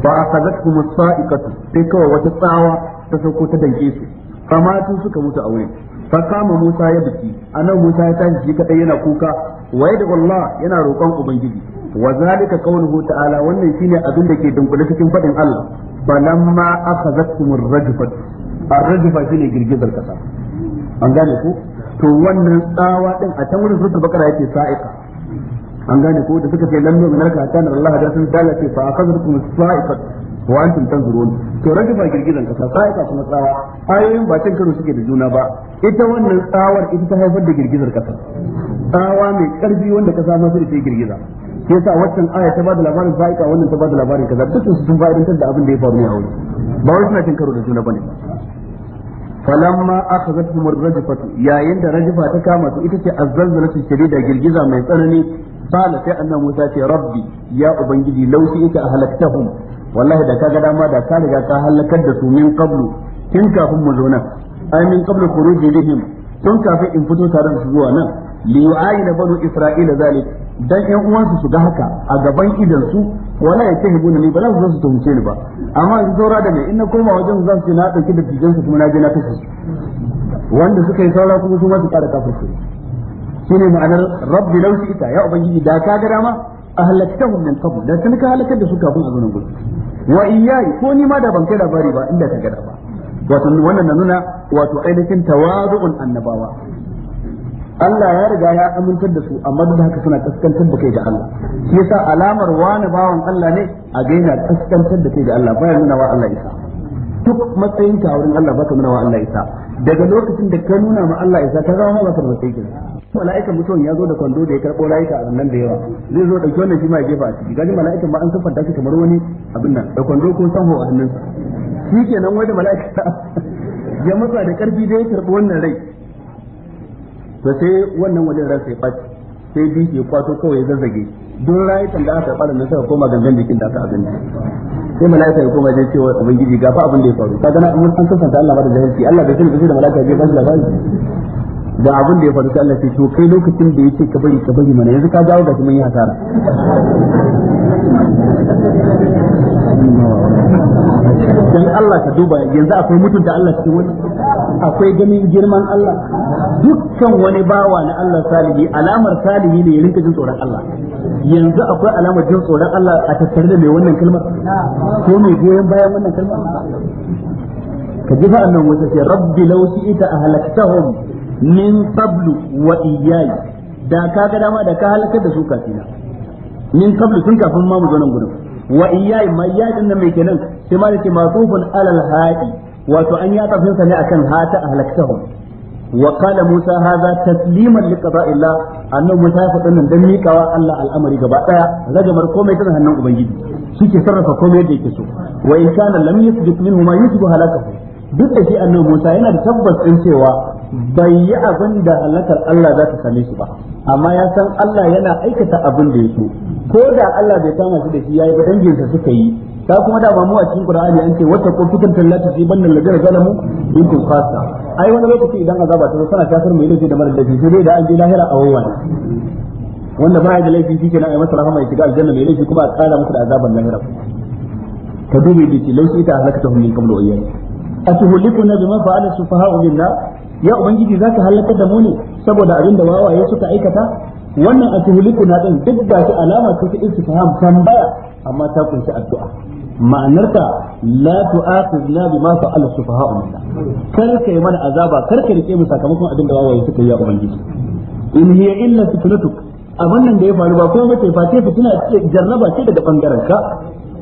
fa akhadhatkum as-sa'iqatu sai kawai wata tsawa ta sauko ta danke su fa matu suka mutu a wurin fa kama Musa ya biki annabi Musa ya tashi shi kadai yana kuka wa yad'u Allah yana roƙon ubangiji wa zalika qawluhu ta'ala wannan shine abin da ke dunkule cikin fadin Allah balamma akhazatkumur rajfat ar-rajfa shine girgizar kasa an gane ku to wannan tsawa din a can wurin suratul bakara yake sa'iqa an gane ko da suka ce lam yu'minu laka hatta Allah da sun dalace fa akhazatkum as-sa'iqat wa antum tanzurun to rage ba girgizan kasa ka kuma tsawa ayoyin ba cin karo suke da juna ba ita wannan tsawar ita ta haifar da girgizar kasa tsawa mai karfi wanda kasa ma su ita girgiza sa waccan aya ta bada labarin za'ika wannan ta bada labarin kaza dukkan su sun fa'idantar da abin da ya faru ne a wuri ba wai suna cin karo da juna bane falamma akhadathum ar-rajfatu yayin da rajfa ta kama su ita ce azzalzalatu shadida girgiza mai tsanani qala sai annabi Musa ce rabbi ya ubangiji laushi yake a halakta halaktahum wallahi da ga dama da ka riga ka halakar da su min qablu tun kafin mu zo nan ai min qablu khurujihim tun kafin in fito tare da su zuwa nan li yu'ayna banu isra'ila zalik dan ƴan uwansu su ga haka a gaban idan su wala ya ce hibu ni ba za su zo su tuhunce ni ba amma in saura da mai in na koma wajen zan ce na dauki da tijan su kuma na je na kashe su wanda suka yi saura kuma su ma su shine ma'anar rabbi law ita ya ubangiji da ka ga dama ahlaktahum min qabl da tun ka halakar da su kafin a zuwan gudu wa iyyayi ko ni ma da ban kai labari ba inda ka ga ba wato wannan na nuna wato ainihin tawazu'un annabawa Allah ya riga ya amintar da su amma duk da haka suna kaskantar da kai da Allah shi yasa alamar wani bawan Allah ne a gaina kaskantar da kai da Allah bayan nuna wa Allah isa duk matsayin ka wurin Allah baka nuna wa Allah isa daga lokacin da ka nuna ma Allah isa ka zama ba ka da matsayin mala'ikan mutuwan ya zo da kwando da ya karɓo layuka a nan da yawa zai zo ɗauki wannan shi ma ya jefa a ciki gani mala'ikan ma an siffanta shi kamar wani abin nan da kwando ko sanho a hannunsa shi kenan mala'ika ya matsa da ƙarfi da ya karɓi wannan rai to sai wannan wani ransa sai ɓaci sai bi ya kwato kawai zazzage don rayukan da aka karɓa da nan koma gangan jikin da aka abin sai mala'ika ya koma zai cewa ubangiji gafa abin da ya faru kaga an siffanta Allah da jahilci Allah da sani da mala'ika ya ba shi labari ga abin da ya faru sai Allah ce to kai lokacin da yake ka bari ka bari mana yanzu ka dawo gashi mun yi hasara dan Allah ka duba yanzu akwai mutunta Allah cikin wani akwai ganin girman Allah dukkan wani bawa na Allah salihi alamar salihi ne ya rinka jin tsoron Allah yanzu akwai alamar jin tsoron Allah a tattare da mai wannan kalmar ko mai goyon bayan wannan kalmar ka ji fa'annan wata ce rabbi law shi'ita ahlaktahum min qablu wa iyyai da ka dama da ka halakar da su kafina min qablu tun kafin ma mu zo nan gurin wa iyyai ma iyyai din nan mai kenan sai ma yake masufun alal haqi wato an ya tafin sa ne akan hata ahlaktahu wa qala musa hadha tasliman li qada'illah annabi musa ya faɗa nan dan miƙawa Allah al'amari gaba daya ragamar komai tana hannun ubangiji shi ke sarrafa komai da yake so wa in kana lam yusbit minhu ma yusbu halakahu duk da shi annabi Musa yana da tabbas din cewa bai yi abin da halakar Allah za ta same shi ba amma ya san Allah yana aikata abin da ya so ko da Allah bai kama shi da shi yayi ba danginsa suka yi ta kuma da mu a cikin Qur'ani an ce wata ko fitan tallata fi bannan ladina zalamu bintu Fasa ai wani lokaci idan azaba ta zo sana kafir mai laifi da mara laifi sai da an je lahira a wani wanda ba ya da laifi shi kenan ai masa rahama ya shiga aljanna mai laifi kuma a tsara masa da azaban lahira ka dubi da ke laifi ta halakata ta min kamar ayyamin atuhlikuna bima fa'ala sufaha'u minna ya ubangiji zaka halaka da mu ne saboda abinda da wawaye suka aikata wannan atuhlikuna din duk da shi alama ce ta istifham tambaya amma ta kunshi addu'a ma'anarta la tu'akhidna bima fa'ala sufaha'u minna kar kai mana azaba kar kai rike mu sakamakon abinda da wawaye suka yi ya ubangiji in hiya illa fitnatuk abin nan da ya faru ba kuma bace face fitina ce jarraba ce daga bangaren ka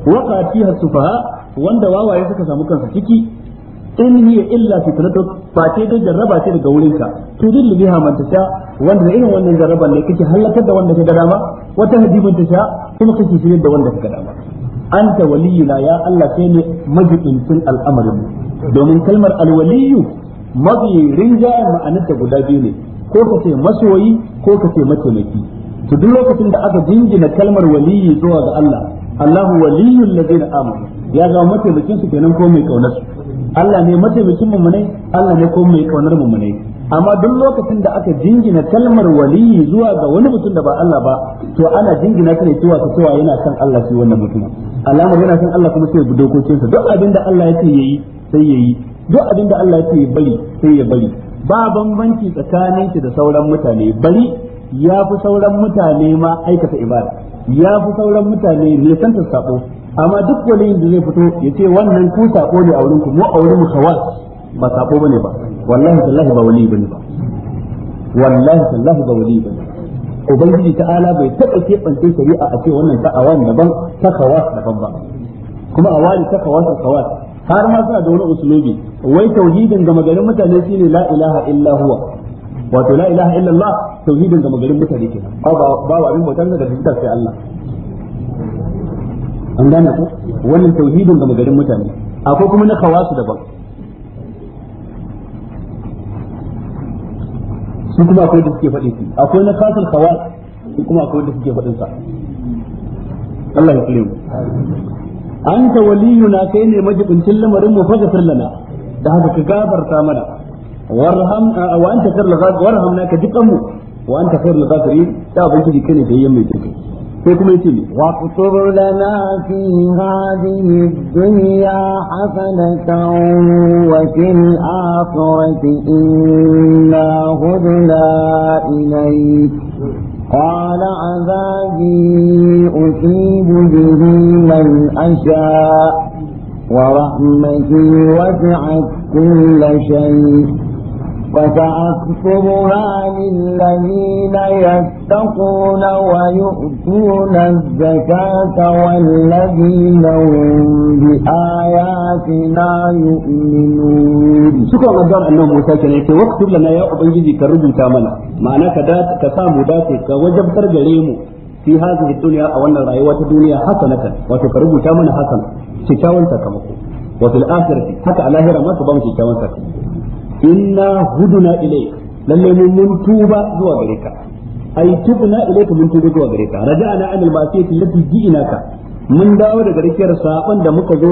waqa fiha sufaha wanda wawaye suka samu kansa ciki in hiya illa fitnatuk ba ce dai jarraba ce daga wurin ka to da biha man tasha wanda irin wannan jarraban ne kake halakar da wanda ka gada ma wata hadibin tasha kuma kake shirin da wanda ka gada ma anta waliyuna ya Allah kai ne majibincin al'amarin domin kalmar alwaliyu mafi ma'anar ma'anarta guda biyu ne ko ka ce masoyi ko ka ce mataimaki to duk lokacin da aka jingina kalmar waliyi zuwa ga Allah Allahu waliyul ladina amanu ya zama mataimakin su kenan ko mai kaunar su Allah ne mataimakin mu ne Allah ne ko mai kaunar mu ne amma duk lokacin da aka jingina kalmar waliyi zuwa ga wani mutum da ba Allah ba to ana jingina ta ne cewa ta cewa yana son Allah shi wannan mutum alamar yana san Allah kuma sai ya bi dokokinsa duk abin da Allah ya ce yayi sai yayi duk abin da Allah ya ce bari sai ya bari ba bambanci tsakanin shi da sauran mutane bari ya fi sauran mutane ma aikata ibada ya fi sauran mutane san ta sabo amma duk waliyin da zai fito ya ce wannan ku sako ne a wurin ku mu a wurin mu khawas ba sako bane ba wallahi tallahi ba wali bane ba wallahi tallahi ba wali bane ubangiji ta'ala bai taɓa keɓance shari'a a ce wannan ta awan daban ta kawai daban ba kuma awani ta kawai ta kawai har ma suna da wani usulubi wai tauhidin gama garin mutane shine la ilaha illa huwa wato la ilaha illa Allah tauhidin gama garin mutane kenan ba ba abin mutan da fitar sai Allah an gane ku wannan tauhidin ga magarin mutane akwai kuma na khawasu daban su kuma akwai da suke faɗin akwai na khasul khawas su kuma akwai da suke faɗin sa Allah ya kire mu anta waliyuna kai ne majibincin lamarin mu fa gafir lana da haka ka gafarta mana warham wa anta kar la warhamna ka dukan mu wa anta khairul ghafirin da abin kike ne da mai dukai sai kuma yace waqtur lana fi hadhihi dunya hasanatan wa fil akhirati inna hudna ilayk قال عذابي أصيب به من أشاء ورحمتي وسعت كل شيء فسأكتبها للذين يتقون ويؤتون الزكاة والذين هم بآياتنا يؤمنون شكرا مدار أنه موسى كان يكي واكتب لنا يا أبنجي كالرجل كامنا معنى كدات كسامو داتي كوجب ترجليمو في هذه الدنيا أو أن الرأيوة الدنيا حسنة وتكرجل كامنا حسنة شكاوان تكمكو وفي الآخرة حتى على هرمات بامشي كاوان تكمكو inna huduna ilayk lalle mun mun tuba zuwa gare ka ai tubna ilayka mun tuba zuwa gare ka raja'na anil ma'siyati allati ji'inaka mun dawo daga rikiyar saban da muka zo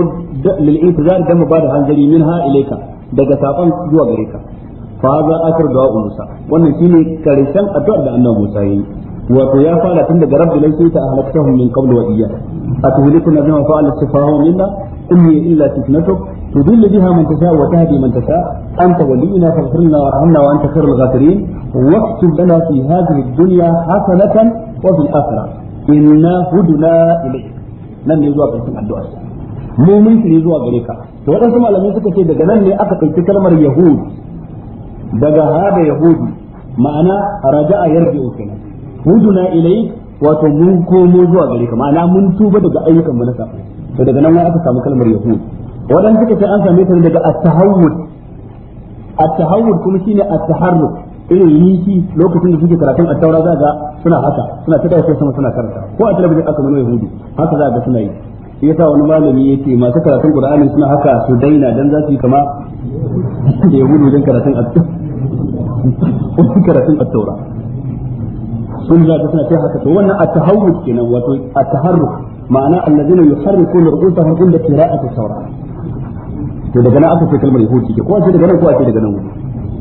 lil intizar da mu bada hanzari minha ilayka daga saban zuwa gare ka fa za akar da Musa wannan shine karshen addu'ar da annabi Musa yi wato ya fara tun daga rabbi lai ta ahlakahum min qabl wa iyyak atuhlikuna bima fa'ala sifahum minna in illa fitnatuk تدل بها من تشاء وتهدي من تشاء أنت ولينا فاغفر لنا وارحمنا وأنت خير الغافرين واكتب لنا في هذه الدنيا حسنة وفي الآخرة إنا هدنا إليك لم يزوى قلتنا الدعاء مو في يزوى قلتك فقال سمع لم يسكت شيء دقا لن يأفقل تكلمر يهود دقا هذا يهود معنى رجاء يرجع فينا هدنا إليك وتمنكم زوى قلتك معنى من توبة دقا أيكم من سأل فدقا لن يأفقل تكلمر يهود wadan suka ce an same ta daga at-tahawwud at-tahawwud kuma shine at-taharruk irin yiki lokacin da suke karatun at-taura za ga suna haka suna ta dawo sama suna karanta ko a talabijin aka nuna yahudu haka za ga suna yi shi yasa wani malami yake masu karatun qur'ani suna haka su daina dan za su yi kama da yahudu wajen karatun at-taura karatun at-taura sun za ta suna ta haka to wannan at-tahawwud kenan wato at-taharruk ma'ana allazina yuharrikuna ru'usahum inda qira'ati at-taura to daga nan aka ce kalmar yahudi ke ko ce daga nan ko ce daga nan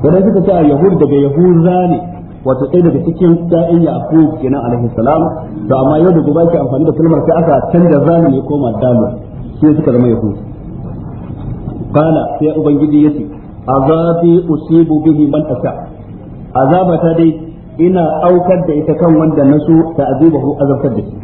wadanda suka ce yahud daga yahuza ne wato ɗaya daga cikin ƴaƴan yaqub kenan alaihi salam to amma yau da gobe ke amfani da kalmar sai aka canza zalim ne koma dalu sai suka zama yahud kana sai ubangiji yace azabi usibu bihi man asha azabata dai ina aukar da ita kan wanda nasu ta azibahu azabtar da shi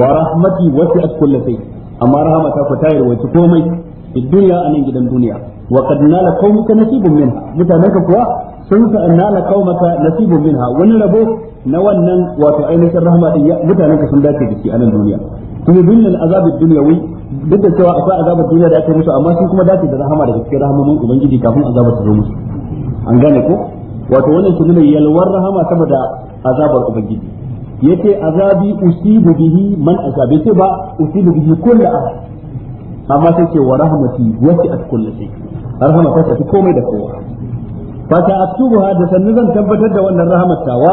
wa rahmati wasi'at kulli shay amma rahmata ku tayar wa komai fi dunya anan gidan duniya wa qad nala qaumuka nasibun minha mutananka kuwa sun ka nala qaumaka nasibun minha wani rabo na wannan wato ainihin rahama din mutananka sun dace da shi anan duniya to dunya azabid dunyawi duk da cewa akwai azabar duniya da ake musu amma sun kuma dace da rahama daga cikin rahamomin ubangiji kafin azabar ta zo musu an gane ko wato wannan shi ne yalwar rahama saboda azabar ubangiji azabi usibu bihi man ce ba usibu bihi amma sai ce wa rahmati wasi'at kulli shay rahama ta tafi komai da kowa fa ta aktubuha da sannu zan tabbatar da wannan rahmat tawa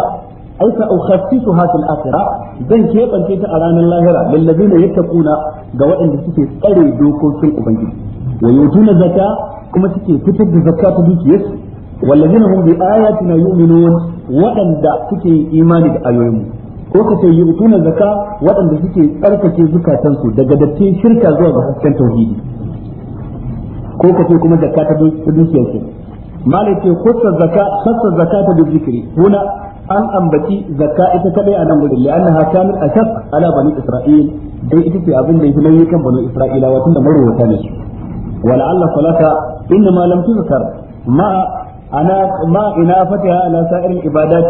ai sa ukhassisuha fil akhirah zan kebance ta a ranar lahira lil ladina yattaquna ga waɗanda suke tsare dokokin ubangiji wa yutuna zakka kuma suke fitar da zakka ta dukiyarsu wallazina hum bi ayatina yu'minun waɗanda suke imani da ayoyinmu ko ka ce yu'tuna zaka waɗanda suke tsarkake zukatansu daga dattin shirka zuwa ga hasken tauhidi ko ka ce kuma zakka ta dukiya ce malai ce khutta zakka khutta zakata bi zikri kuna an ambaci zakka ita kadai a nan gudun li'annaha kanat ashaq ala bani isra'il dai ita ce abin da yake nauyi kan bani isra'ilawa tunda marwata ne su ولعل الصلاة إنما لم تذكر ما أنا ما إنافتها على سائر العبادات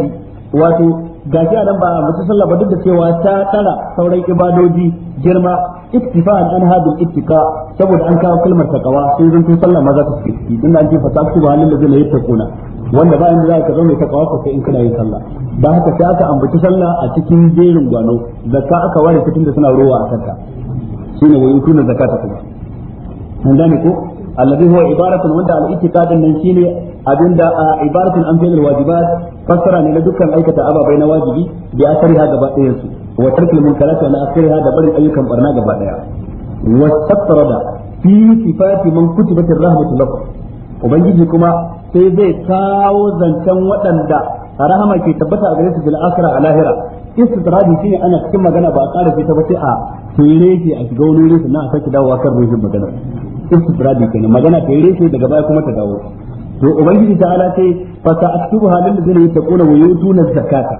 wato gashi a nan ba mutu sallah ba duk da cewa ta tara sauran ibadoji girma ittifa'an an hadu ittika saboda an kawo kalmar takawa sai zan tun sallah maza ta suke ciki tunda an ce fasa ta ba halin da zai yattaquna wanda ba inda za ka zo mai takawa ko sai in kana yin sallah da haka sai aka ambaci sallah a cikin jerin gwano zakka aka ware cikin da suna rowa a kanta shine wayin kuna zakata kuma an ko alladhi huwa ibaratun wanda al-i'tiqadin nan shine abinda ibaratun an fi'il wajibat fassara ne na dukkan aikata ababai na wajibi bi asariha gaba ɗayan su wa tarkil munkarati da barin ayyukan barna gaba ɗaya wa tasarrada fi sifati man kutibat ar-rahmatu lahu ubangiji kuma sai zai kawo zancen waɗanda rahama ke tabbata a gare su bil asra a lahira istidradi shine ana cikin magana ba a ƙara fita ba a a tere a shiga wani wuri sannan a sake dawowa kan magana istifradi kenan magana ta yi daga baya kuma ta dawo to ubangiji ta ala ce fa sa aktubuha lil ladzina yattaquna wa yutuna zakata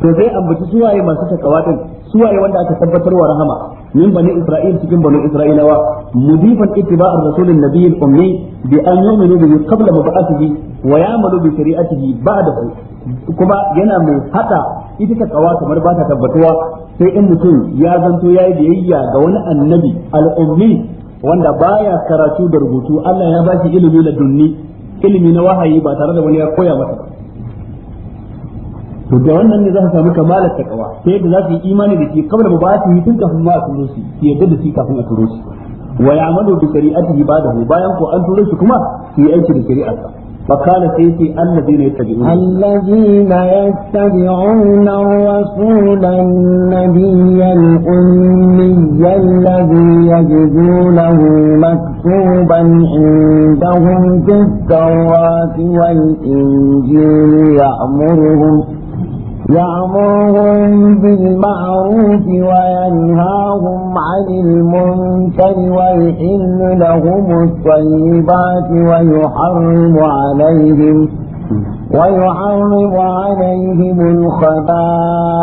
to sai ambaci suwaye masu takawa din suwaye wanda aka tabbatar wa rahama min bani isra'il cikin bani isra'ilawa mudifan ittiba'ar rasulin nabiyil ummi bi an yu'minu bihi qabla mab'athihi wa ya'malu bi shari'atihi ba'dahu kuma yana mai hada ita ta kawa kamar ba ta tabbatuwa sai in mutum ya zanto yayi biyayya ga wani annabi al'ummi wanda baya karatu da rubutu Allah ya bashi ilimi da dunni ilimi na wahayi ba tare da wani ya koya masa to da wannan ne za ka samu kamalar takawa sai da za su yi imani da shi kamar ba shi yi tun kafin ma a turo shi su yadda da shi kafin a turo shi wa ya'malu bi shari'atihi ba'dahu bayan ko an turo shi kuma su yi aiki da shari'arsa فقال سيتي الذين يتبعون الذين يتبعون الرسول النبي الأمي الذي يجدونه مكتوبا عندهم في التوراة والإنجيل يأمرهم يأمرهم بالمعروف وينهاهم عن المنكر ويحل لهم الطيبات ويحرم عليهم ويحرم عليهم الخبائث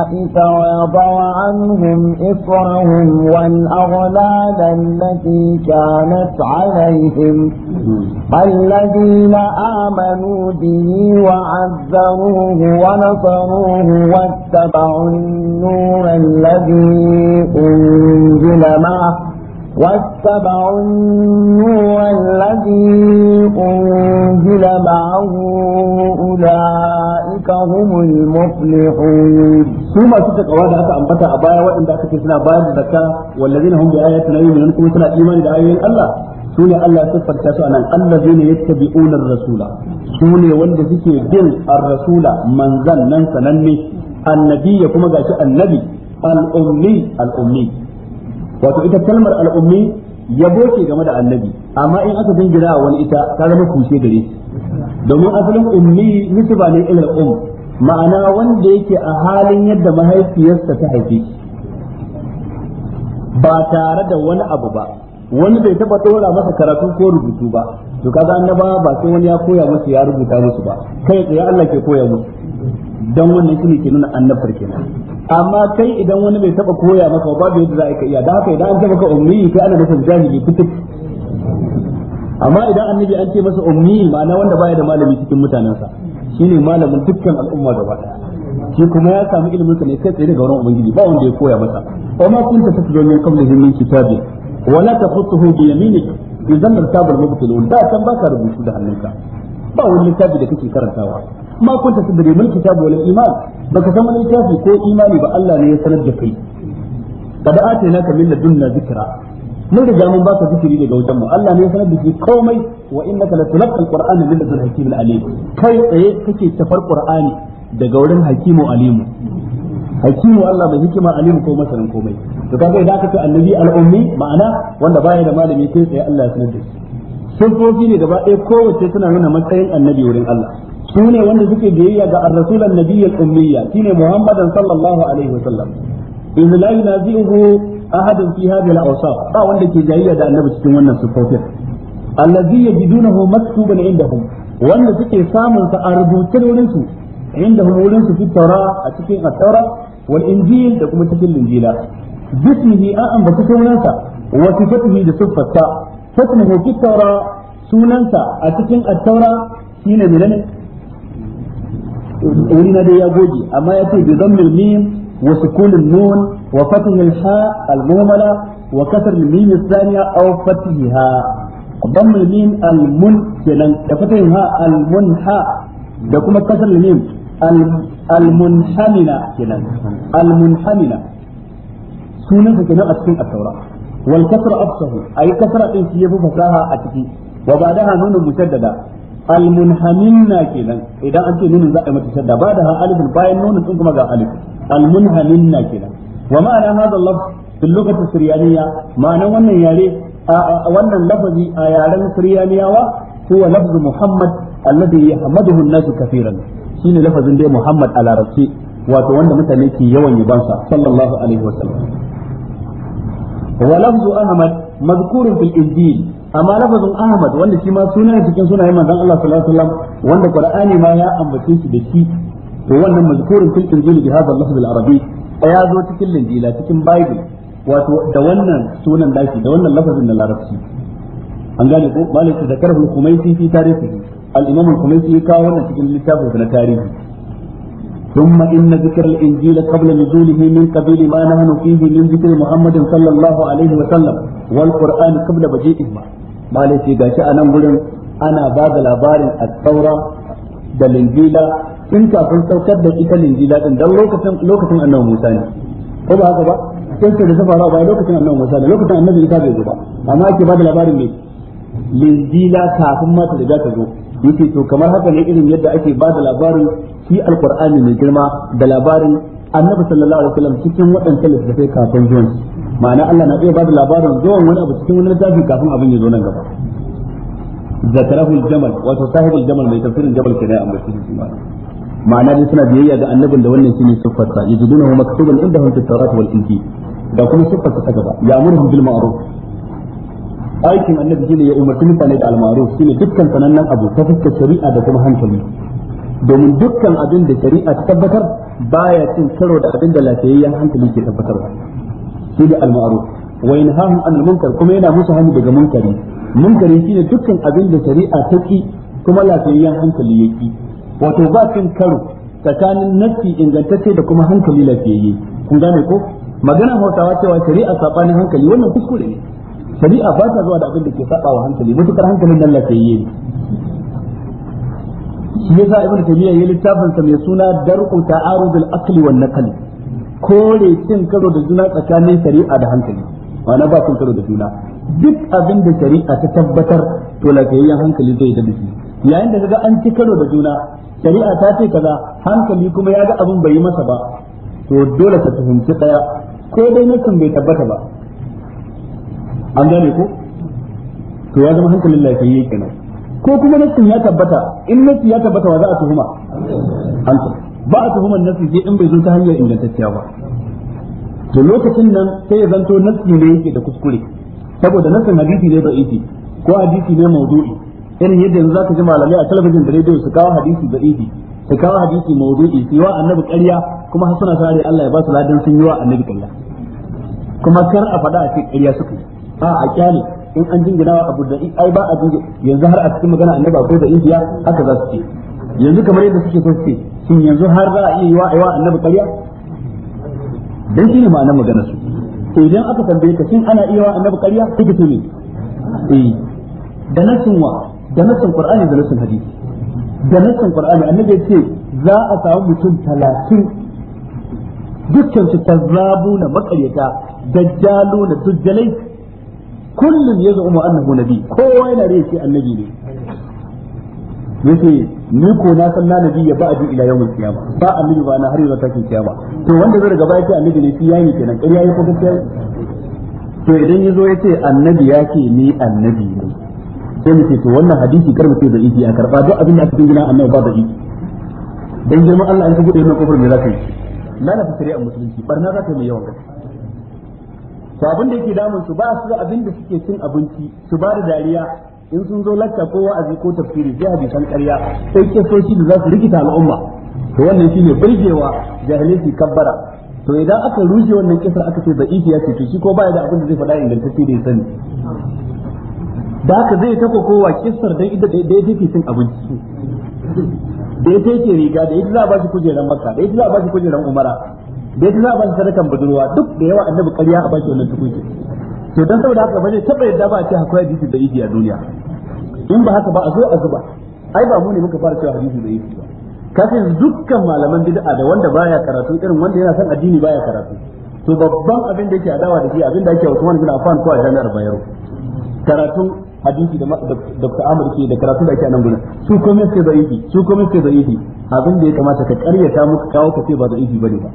أولئك ويضع عنهم إصرهم والأغلال التي كانت عليهم الذين آمنوا به وعذروه ونصروه واتبعوا النور الذي أنزل معه واتبعوا النور الذي أنزل معه أولئك ka humu mafi su masu takawa da aka ambata a baya waɗanda aka ke suna bayar da zakka wallazi na hundu ayyata na yi kuma suna imani da ayoyin Allah su ne Allah ya siffarta su anan nan allazi ne ya tabi unar rasula su wanda suke bin ar rasula manzan nan sananne annabi ya kuma gashi annabi al'ummi al'ummi wato ita kalmar al'ummi yabo ke game da annabi amma in aka jingira wani ita ta zama kushe gare domin asalin ummi ba ne ila um ma'ana wanda yake a halin yadda mahaifiyarsa ta haifi, ba tare da wani abu ba wani bai taba dora masa karatu ko rubutu ba to kaga annaba ba sai wani ya koya masa ya rubuta musu ba kai tsaye Allah ke koya musu dan wannan shine ke nuna annabar kenan amma kai idan wani bai taba koya maka ba babu yadda za ka iya da haka idan an taba ka ummi kai ana nufin jahili kutuk amma idan annabi an ce masa ummi ma'ana wanda baya da malami cikin mutanensa shine malamin dukkan al'umma gaba daya shi kuma ya samu ilimin sa ne kai tsaye daga wurin ubangiji ba wanda ya koya masa wa ma kunta tatlu min qablihi min kitabin wa la taqutuhu bi yaminika idan kitabul mubtilun da san baka rubutu da hannunka ba wani littafi da kake karantawa ma kunta tadri min kitab wal iman baka san wani littafi ko imani ba Allah ne ya sanar da kai kada atina ka min ladunna zikra mun riga mun baka zikiri daga wajen mu Allah ne ya sanar da shi komai wa innaka latulqa alqur'ana min ladun hakimin alim kai tsaye kake tafar qur'ani daga wurin hakimu alimu hakimu Allah mai hikima alimu ko masanin komai to kaga idan aka ce annabi al-ummi ma'ana wanda baya da malami kai tsaye Allah ya sanar da shi sufofi ne gaba ɗaya kowace suna nuna matsayin annabi wurin Allah su ne wanda suke biyayya ga ar-rasul annabiyyi al-ummiyya shine Muhammadan sallallahu alaihi wa sallam إذ لا ينازعه أحد في هذه الأوصاف أو عندك جاية ده النبي cikin wannan sifofin الذي يجدونه مكتوبا عندهم wanda suke samun sa a rubuce عندهم wurin su fi a cikin at wal injil da kuma cikin injila bismihi a an bata sunansa wa sifatihi da sifatta fatnahu fi tara sunansa a cikin at-taura shine na ya goge amma ya ce bi وسكون النون وفتح الحاء المهملة وكسر الميم الثانية أو فتحها ضم الميم المن وفتحها المنحى دكما كسر الميم المنحملة كنان المنحملة سنة كنا أسكن التوراة والكسر أفصه أي كسر إن سيبه فساها أتكي وبعدها نون مشددة المنحملة كنان إذا أنت نون زائمة مشددة بعدها ألف باين نون ثم ألف almunhamin na kenan wa ma'ana hadha lafz fil lughati siryaniya ma'ana wannan yare wannan lafazi a yaren siryaniyawa huwa lafz muhammad alladhi yahmaduhu an-nasu kaseeran shine lafazin dai muhammad a larabci wato wanda mutane ke yawan yabansa sallallahu alaihi wasallam wa lafzu ahmad madhkurun fil injil amma lafazin ahmad wanda shi ma sunan cikin sunayen manzon Allah sallallahu alaihi wasallam wanda qur'ani ma ya ambace shi da shi to wannan mazkurun fil injil bi hadha al arabi ya zo cikin linjila cikin bible wato da wannan sunan daki da wannan lafazin na larabci an gane ko malik da karhul khumaisi fi tarihi al-imam al-khumaisi ya kawo wannan cikin littafin na tarihi ثم إن ذكر الإنجيل قبل نزوله من قبيل ما نحن فيه من ذكر محمد صلى الله عليه وسلم والقرآن قبل مجيئه ما ليس gashi a nan gurin ana ba da labarin at-taura da linjila tun kafin saukar da ita linjila din dan lokacin lokacin annabi Musa ne ko ba haka ba sai ce da ta faru ba lokacin annabi Musa ne lokacin annabi Isa bai zo ba amma ake ba da labarin ne linjila kafin ma ta riga ta zo yake to kamar haka ne irin yadda ake ba da labarin shi alqur'ani mai girma da labarin annabi sallallahu alaihi wasallam cikin waɗancan littattafai kafin zuwan ma'ana Allah na iya ba da labarin zuwan wani abu cikin wani littafi kafin abin ya zo nan gaba ذكره الجمل وتصاحب الجمل من تفسير الجمل كده أم بس ma'ana dai suna biyayya ga annabin da wannan shine siffar sa yajidunahu maktuban indahum fi tawrat wal injil da kuma siffar ta gaba ya ya'muruhum bil ma'ruf aikin annabi shine ya umarci mutane da al-ma'ruf shine dukkan sanannen abu ta fuskar shari'a da kuma hankali domin dukkan abin da shari'a ta tabbatar baya cin karo da abin da lafiyayyen hankali ke tabbatar shi da al-ma'ruf wa yanhahum anil munkar kuma yana musu hannu daga munkari munkari shine dukkan abin da shari'a ta ki kuma lafiyayyen hankali ya ki wato ba cin karo tsakanin nassi ingantacce da kuma hankali lafiyayye kun gane ko magana hausawa cewa shari'a sabanin hankali wannan kuskure ne shari'a ba ta zuwa da abin da ke saba wa hankali mutukar hankalin nan lafiyayye ne shi yasa ibnu taymiya ya littafin sa mai suna dar'u ta'arudul aqli wan naqli kore cin karo da juna tsakanin shari'a da hankali ma'ana ba cin karo da juna duk abin da shari'a ta tabbatar to lafiyayyen hankali zai da shi yayin da kaga an ci karo da juna shari'a ta ce kaza hankali kuma ya ga abin bai yi masa ba to dole ta fahimci daya ko dai nasin bai tabbata ba an gane ko to ya zama hankalin lafiyayye kenan ko kuma nasin ya tabbata in nasi ya tabbata wa za a tuhuma hankali ba a tuhumar nasi sai in bai zo ta hanyar ingantacciya ba to lokacin nan sai ya zanto nasi ne yake da kuskure saboda nasin hadisi ne da iti ko hadisi ne mawdu'i irin yadda yanzu zaka ji malamai a talabijin da rediyo su kawo hadisi da idi su kawo hadisi maudu'i su yi wa annabi ƙarya kuma har suna sare Allah ya ba su ladan sun yi wa annabi ƙarya kuma kar a faɗa a ce ƙarya suka yi a a kyale in an jingina wa abu da ai ba a jingina yanzu har a cikin magana annabi abu da indiya haka za su ce yanzu kamar yadda suke so su ce shin yanzu har za a iya yi wa aiwa annabi ƙarya dan shine ma'anar magana su to idan aka tambaye ka shin ana iya wa annabi ƙarya kike ce ne eh da nasin wa da nassin qur'ani da nassin hadisi da nassin qur'ani annabi ya ce za a samu mutum talatin dukkan su kazzabuna makaryata dajjaluna dujjalai kullum ya zama annahu nabi kowa yana da yake annabi ne yace ni ko na san na nabi ya ba aji ila yawmul qiyama ba annabi ba na har yau takin kiyama to wanda zai daga baya yace annabi ne shi yayi kenan ƙarya ya ko gaskiya to idan yazo yace annabi yake ni annabi ne sai muke to wannan hadisi kar mu ce da ifi a karba duk abin da aka gina annabi ba da ifi dan girman Allah in ka gode wannan kofar me za ka yi lalata shari'ar musulunci barna za ta yi mai yawan gaske to abin da yake damun su ba su da abin da suke cin abinci su ba da dariya in sun zo lakka ko wa'azi ko tafsiri sai hadisan ƙarya sai ke shi da za su rikita al'umma to wannan shine burgewa jahilci kabbara to idan aka rushe wannan kisar aka ce da ifi ya ce to shi ko ba ya da abin da zai faɗa ingantacce da ya sani da haka zai taɓa kowa kisar dan ita da ya take cin abinci da ya take riga da ita za a ba shi kujeran maka da ita za a ba shi kujeran umara da ita za a ba shi sadakan budurwa duk da yawa annabi ƙarya a ba shi wannan tukunci to dan saboda haka ba zai taba yadda ba a ce akwai hadisi da yake a duniya in ba haka ba a zo a zuba ai ba mu ne muka fara cewa hadisi da yake kafin dukkan malaman bid'a da wanda baya karatu irin wanda yana son addini baya karatu to babban abin da yake adawa da shi abin da yake Usman bin afan ko a jami'ar Bayero karatun hadisi da Dr. Amr ke da karatu da ake nan gurin su komai suke zaifi su komai suke zaifi abin da ya kamata ka karyata muka kawo ka ce ba zaifi bane ba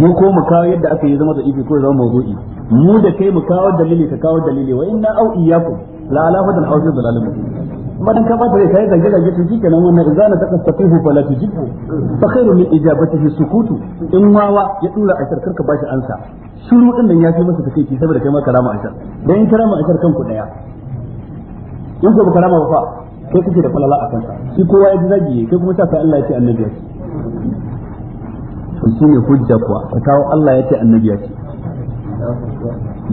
mu ko mu kawo yadda aka yi zama da ibi ko zama mawdu'i mu da kai mu kawo dalili ka kawo dalili wa inna au iyyakum la ala hudan aw zul alamin amma dan ka bata kai zage zage to shikenan wannan idza ta taqastahu fala tujibu fa khairu min ijabatihi sukutu in wa ya dura ashar karka bashi ansa shiru din nan ya fi masa take saboda kai ma karama ashar dan karama ashar kanku daya in ko baka rama ba fa kai kake da falala a kansa shi kowa ya zagi kai kuma sai Allah ya ce annabi ya ce to ne hujja kuwa ka kawo Allah ya ce annabi ya ce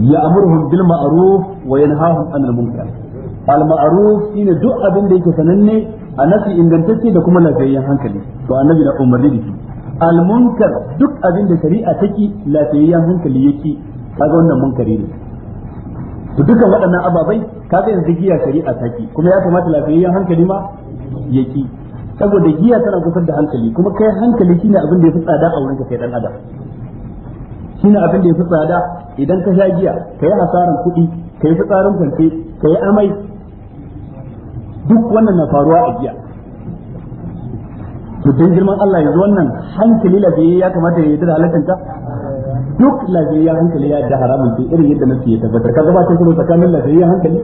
amurhum bil ma'ruf wa yanhahum 'anil munkar al ma'ruf shine duk abin da yake sananne a nafi ingantacce da kuma lafiyayyen hankali to annabi na umarni da shi al munkar duk abin da shari'a take lafiyayyen hankali yake kaga wannan munkari ne to dukan waɗannan ababai ga yanzu giya shari'a ta ki kuma ya kamata lafiyayyen hankali ma ya ki saboda giya tana kusar da hankali kuma kai hankali shine abin da yafi tsada a wurin ka kai dan adam shine abin da yafi tsada idan ka sha giya kai hasaran kuɗi kai fitsarin kwance kai amai duk wannan na faruwa a giya to dan girman Allah yanzu wannan hankali lafiyayye ya kamata ya yi da halakanta duk lafiyayyen hankali ya da haramun ce irin yadda nasu ya tabbatar ka gabatar ta shiru tsakanin lafiyayyen hankali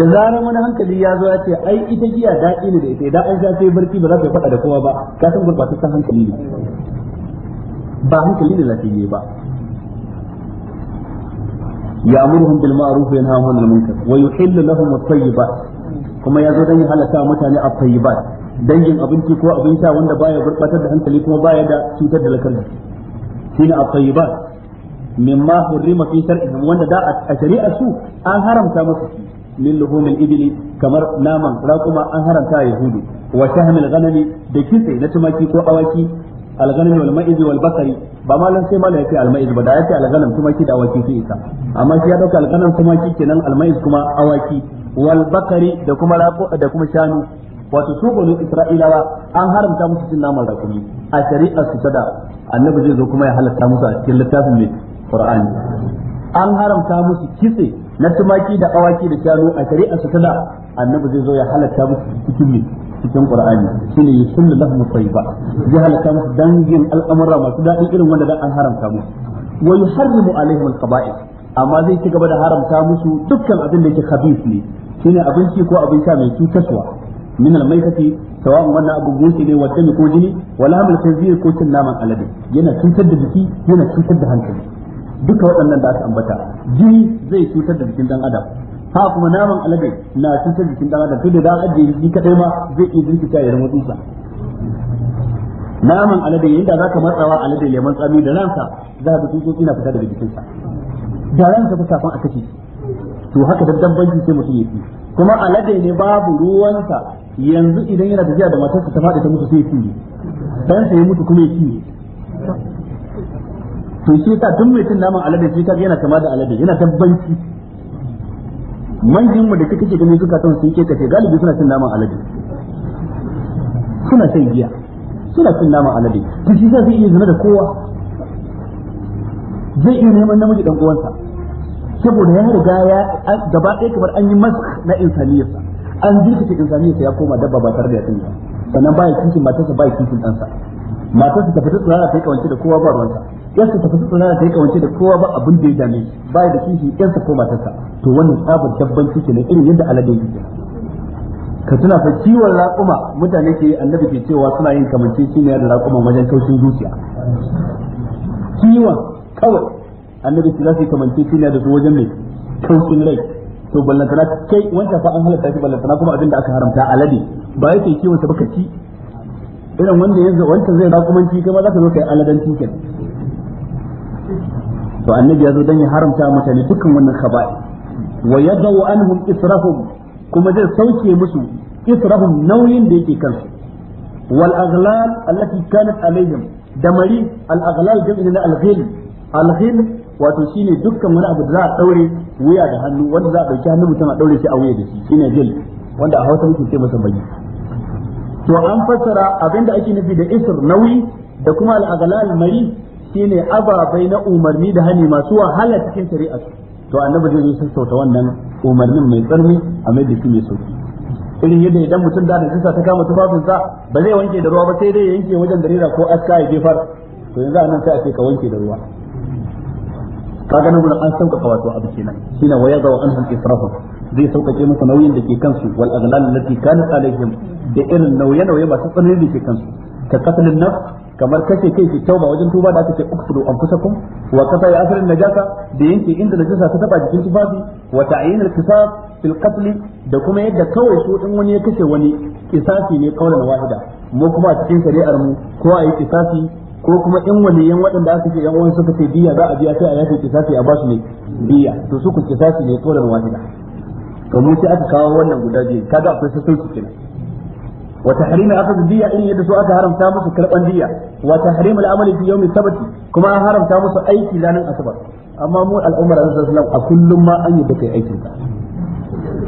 da zarar wani hankali ya zo ya ce ai ita giya daɗi ne da ita idan an sha sai barci ba za ka faɗa da kowa ba ka san gurbatattun hankali ne ba hankali da lafiyayye ba Ya يأمرهم بالمعروف وينهاهم عن المنكر ويحل لهم الطيبات kuma yazo dan ya halaka mutane a tayyibat dangin abinci ko abin sha wanda baya gurbatar da hankali kuma baya da cutar da lakar shine a tayyibat mimma hurrima fi shar'ihim wanda da a shari'a an haramta musu shi min luhumil ibli kamar naman raquma an haramta yahudu wa shahmil ghanami da kitse na tumaki ko awaki alghanami wal ma'iz wal ba ma lan sai ma yace al ma'iz ba da yace al ghanam tumaki da awaki sai isa amma ya al tumaki kenan al ma'iz kuma awaki da kuma da kuma shanu wato su banu isra'ilawa an haramta musu cin naman rakumi a shari'ar su sada annabi zai zo kuma ya halatta musu a cikin littafin mai qur'ani an haramta musu kitse na tumaki da awaki da shanu a shari'a su kada annabi zai zo ya halatta musu cikin me cikin qur'ani shine yusullu lahum tayyiba zai halatta musu dangin al'amura masu daɗi irin wanda da an haramta musu wa yuharrimu alaihim al-qaba'ith amma zai ci gaba da haramta musu dukkan abin da yake khabith ne shine abinci ko abin sha mai cutarwa min al-maitati sawa'un wannan abu gunki ne wanda ko jini wala hamil khinzir ko cin naman alade yana cutar da jiki yana cutar da hankali duka waɗannan da aka ambata jini zai cutar da jikin dan adam ha kuma naman alade na cutar jikin dan adam tunda da ajiye jiki kadai ma zai iya jinki ta zama tsutsa naman alade inda zaka matsawa alade lemon tsami da ransa za ka tsutsotsi na fita daga jikinsa da ransa fa kafin a kace to haka dan banki sai mutum yake kuma alade ne babu ruwansa yanzu idan yana tafiya da matarsa ta faɗi ta mutu sai ya dan sai ya mutu kuma ya kiye to shi ta duk mai cin naman alade shi kaga yana kama da alade yana tabbanci manjin mu da kike ne suka tun sun ke kace galibi suna cin naman alade suna cin giya suna cin naman alade to shi yasa zai iya zina da kowa zai iya neman namiji dan uwansa saboda ya riga ya gaba ɗaya kamar an yi mask na insaniyarsa an jirkice insaniyarsa ya koma dabba ba tare da ya sani sannan baya kishin matarsa baya kishin ɗansa matar su ta fita tsirara ta yi kawance da kowa ba ruwansa yar su ta fita tsirara ta yi kawance da kowa ba abin da ya dame ba da kishi 'yansu sa ko matarsa to wannan tsabar dabban kishi ne irin yadda alade yake ka tuna fa kiwon raƙuma mutane ke annabi ke cewa suna yin kamance shi ne da raƙuma wajen kaushin zuciya kiwon kawai annabi ke za su yi kamance shi ne da su wajen mai kaushin rai to ballantana kai wancan fa an halatta shi ballantana kuma abin da aka haramta alade ba yake kiwon sa baka ci irin wanda ya wanda zai rakumanci kai ma za ka zo kai aladanci kenan to annabi ya zo dan ya haramta mutane dukkan wannan khaba'i wa yadau anhum israhum kuma zai sauke musu israhum nauyin da yake kansu wal aghlal allati kanat alaihim da mari al aghlal jam'i na al ghil al ghil wato shine dukkan wani abu da za a daure wuya da hannu wanda za a dauki hannun mutum a daure shi a wuya da shi shine ghil wanda a Hausa muke ce masa magi to an fassara abinda ake nufi da isr nauyi da kuma al'agalal mari shine ababai na umarni da hani masu wahala cikin shari'a to annabi zai yi sassauta wannan umarnin mai tsarni a mai da shi mai sauki irin yadda idan mutum da najisa ta kama tufafinsa ba zai wanke da ruwa ba sai dai yanke wajen darira ko aska ya jefar to yanzu anan sai a ce ka wanke da ruwa ka ganin gurin an sauƙaƙa wato abu kenan shine wa yazaw anhum israfahum zai sauƙaƙe masa nauyin da ke kansu wal aghlal allati kanat alaihim da irin nauye-nauye masu tsanani da ke kansu ka qatlin nafs kamar kashe kai ki tauba wajen tuba da aka ce uqtulu anfusakum wa qata ya asrin najasa da yanke inda najasa ta taba jikin tufafi wa ta'yin al-qisas fil qatl da kuma yadda kawai su din wani ya kashe wani kisasi ne kaulan wahida mu kuma a cikin shari'ar mu ko a yi kisasi ko kuma in waliyan waɗanda aka ce yan uwan suka ce biya za a biya sai a yafe kisasi a basu ne biya to su ku kisasi ne kaulan wahida domin sai aka kawo wannan guda biyu kaga akwai sassauci kenan wa tahrim al-aqd biya in yadda su aka haramta musu karban diya wa tahrim al-amali fi yawmi sabti kuma an haramta musu aiki ranar asabar amma mu al'ummar annabi sallallahu a kullum ma an yi da kai aikin ka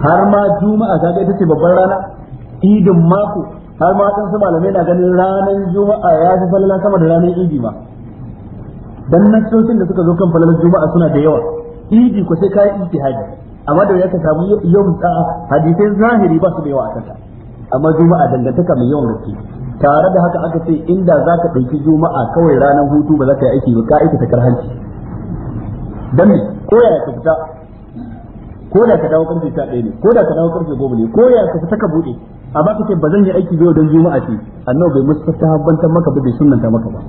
har ma juma'a kaga ita ce babbar rana idin mako har ma dan su malamai na ganin ranar juma'a ya fi falala sama da ranar idi ma dan nan da suka zo kan falalar juma'a suna da yawa idi ko sai kai ijtihadi amma da ya ka samu yau hadisai zahiri ba su da yawa a kanta amma juma'a dangantaka mai yawan gaske tare da haka aka ce inda za ka ɗauki juma'a kawai ranar hutu ba za ka yi aiki ba ka aiki ta karhanci dan me ko ya ka fita ko da ka dawo karfe ɗaya ne ko da ka dawo karfe goma ne ko ya ka fita ka buɗe amma ce ba zan yi aiki ba don juma'a ce annabi bai musu ta habbantar maka ba bai sunanta maka ba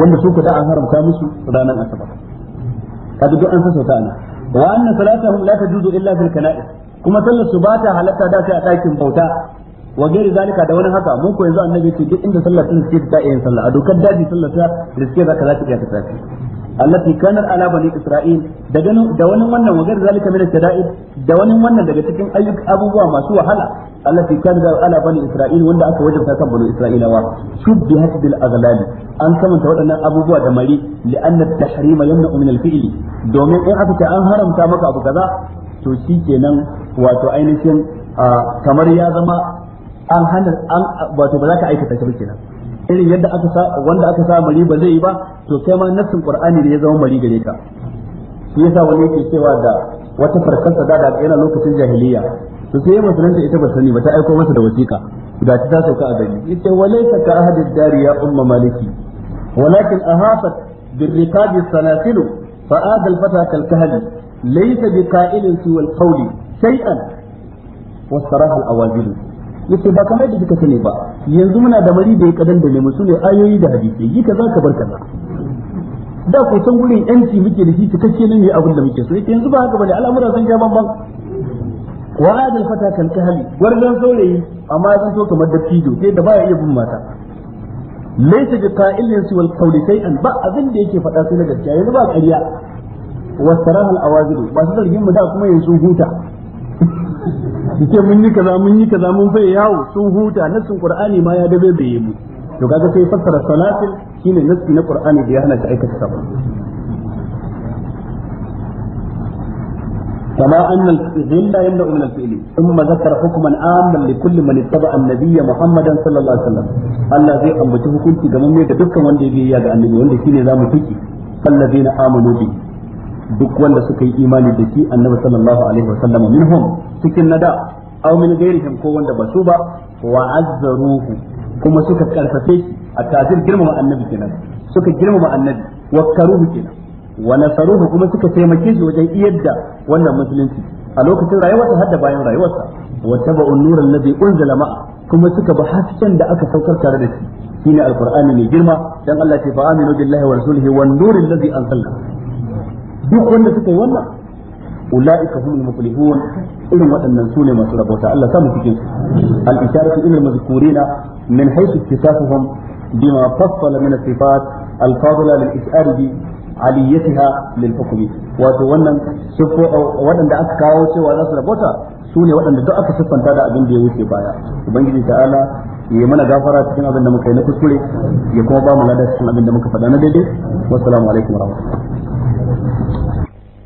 wanda su ku da an haramta musu ranar asabar kaga duk an sassauta ana wa anna salatahum la tajuzu illa fil kuma sallar su ba ta halarta da a ɗakin bauta wa gairi zalika da wani haka mun ko yanzu annabi ce duk inda sallar sun ce ta salla a dokar daji sallar ta riske zaka za ta iya ka tafi allati kanar ala bani isra'il da ganin da wani wannan wa gar zalika min shada'id da wani wannan daga cikin ayyuka abubuwa masu wahala allati kanar ala bani isra'il wanda aka wajabta kan bani isra'ilawa shubbihat bil aghlali an samanta waɗannan abubuwa da mari li'anna tahrima yamna'u min al-fi'l domin in aka ce an haramta maka abu kaza to shikenan wato ainihin ah, kamar ya zama an hana wato ba za ka aikata shi ba kenan irin yadda aka sa wanda aka sa mari ba zai yi ba to sai ma nassin qur'ani ne ya zama mari gare ka shi yasa wani yake cewa da wata farkarsa da da yana lokacin jahiliya to sai musulunta ita ba sani ba ta aiko masa da wasiƙa da ta ta sauka a gari yace walaysa ka ahadid dari ya umma maliki walakin ahafat بالرقاب السلاسل فآذى الفتى كالكهل ليس بقائل سوى القول شيئا واستراح الأوازل yace ba kamar da kika sani ba yanzu muna da mari da ya kadan da lemu sune ayoyi da hadisi yi kaza ka bar kaza da ko san gurin yanci muke da shi cikakke ne mai abin da muke so yace yanzu ba haka bane al'amura sun ja banban wa adal fata kal kahli wardan saurayi amma zan so kamar dattijo sai da ya iya bin mata laysa bi qa'ilin su wal qawli shay'an ba abin da yake faɗa sai na gaskiya yanzu ba ƙarya wasaraha al awaziru ba su zargin mu da kuma yanzu huta su ce mun yi kaza mun yi kaza mun bai yawo sun huta nassin qur'ani ma ya dabe bai mu to kaga sai fassara salatin shine nassi na qur'ani da ya hana ta aikata sabon كما أن الفعل لا يمنع من الفعل ثم ذكر حكما عاما لكل من اتبع النبي محمدا صلى الله عليه وسلم الذي أمته كنت جمعه تدفك من دي يا النبي وانده سيني ذا مفكي فالذين آمنوا به duk wanda suka yi imani da shi annabi sallallahu alaihi wasallam minhum cikin nada aw min ghairihim ko wanda ba su ba wa azzaruhu kuma suka karfafe shi a tazir girmama annabi kenan suka girmama annabi wa karuhu kenan wa nasaruhu kuma suka taimake shi wajen iyar wannan musulunci a lokacin rayuwarsa har da bayan rayuwarsa wa tabu an-nur alladhi unzila ma'a kuma suka bi hasken da aka saukar tare da shi shine alqur'ani mai girma dan Allah ce fa aminu billahi wa rasulihi wan nuril ladzi anzalna duk wanda suka yi wannan ulaika humul muflihun irin waɗannan sune masu rabota Allah samu cikin su al-isharatu ila al-mazkurina min haythu bima min as-sifat al-fadila lil bi aliyatiha lil-hukmi wato wannan waɗanda aka kawo cewa za su rabota sune waɗanda duk aka siffanta da abin da ya wuce baya ubangiji ta'ala yi mana gafara cikin abin da muka yi na kuskure ya kuma ba mu lada cikin abin da muka faɗa na daidai wassalamu alaikum warahmatullahi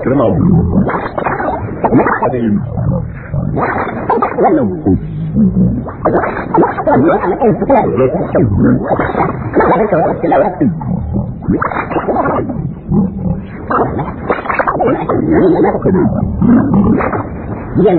Kremov. Bien.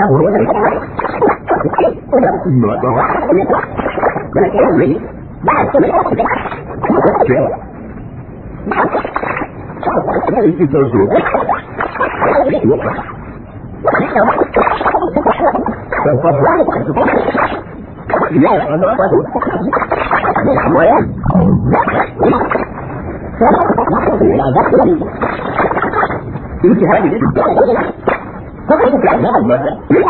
Mệt quá. Chết. Cái tơ ruột. Sao có quá Hãy subscribe cho kênh Ghiền Mì Gõ Để không bỏ lỡ những video hấp dẫn 别人来了，这个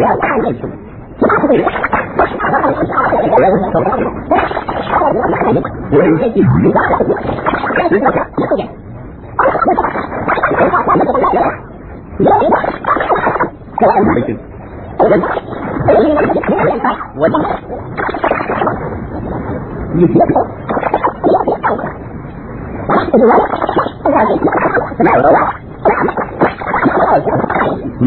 要看进去。我这一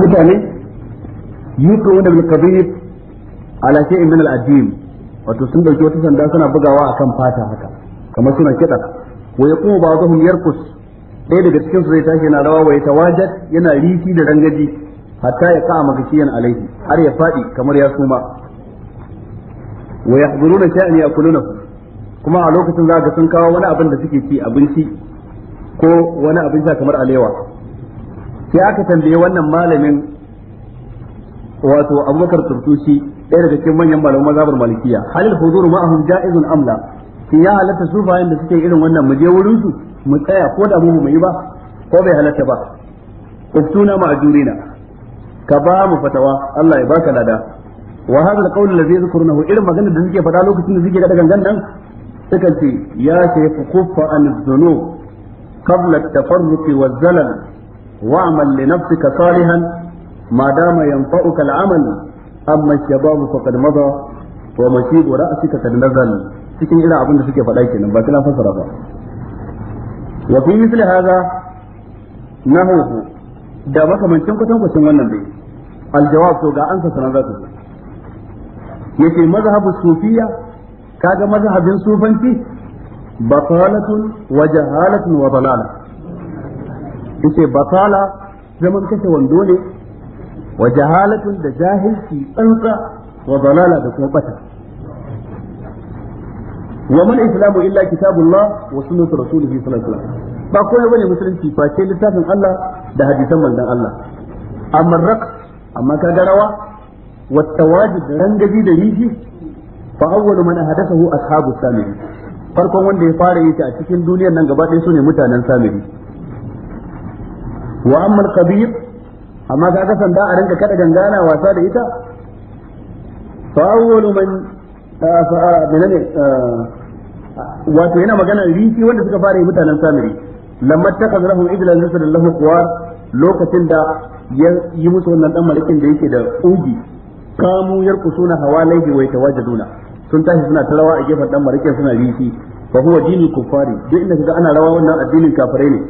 mutane yuqawun bil qabib ala shay'in min al adim wato sun dauki wata sanda suna bugawa akan fata haka kamar suna kida wa yaqumu ba'dhum yarkus ɗaya daga cikin su zai tashi yana rawa wa tawajad yana rishi da rangaji hatta ya ka magashiyan alaihi har ya fadi kamar ya suma wa yahduruna sha'ni yakulunahu kuma a lokacin za ka sun kawo wani abin da suke ci abinci ko wani abin sha kamar alewa sai aka tambaye wannan malamin wato abubakar turtushi ɗaya daga cikin manyan malaman mazhabar malikiya halil huzuru ma'ahum ja'izun amla shi ya halatta sufayen da suke irin wannan mu je wurin su mu tsaya ko da mu mai yi ba ko bai halatta ba uftuna ma'jurina ka ba mu fatawa Allah ya baka lada wa hadha alqawl alladhi yadhkurunahu irin maganar da suke faɗa lokacin da suke da gangan nan suka ce ya shaykhu kuffa an dhunub qabla at-tafarruq wa zalal واعمل لنفسك صالحا ما دام ينفعك العمل أما الشباب فقد مضى ومشيب رأسك قد نزل cikin irin abin da suke faɗa kenan ba kina fassara ba wa fi misli hadha nahu da makamancin kutan kutan wannan dai aljawab to ga ansa sanan za ku yace mazhabu sufiya kaga mazhabin sufanci batalatun wa jahalatun wa dalala yace batala zaman kashe wando ne wa jahalatun da jahilci tsantsa wa balala da kuma bata wa man islamu illa kitabullah wa sunnatu rasulihi sallallahu alaihi wasallam ba kowa bane musulunci fa sai littafin Allah da hadisan manzon Allah amma rak amma kaga rawa wa tawajid rangaji da rihi fa awwalu man ahdathahu ashabu samiri farkon wanda ya fara yi a cikin duniyar nan gaba ɗaya sune mutanen samiri wa amma Kabir, amma ka ga sanda a rinka kada gangana wasa da ita fa awwalu man menene wato yana magana rifi wanda suka fara yi mutanen samiri lamma takaza lahum iblan nasr lahu lokacin da ya yi musu wannan dan malikin da yake da ugi kamu yarkusuna hawalaihi wa yatawajaduna sun tashi suna ta rawa a gefen dan marikin suna rifi fa huwa dini kuffari duk inda kaga ana rawa wannan addinin kafirai ne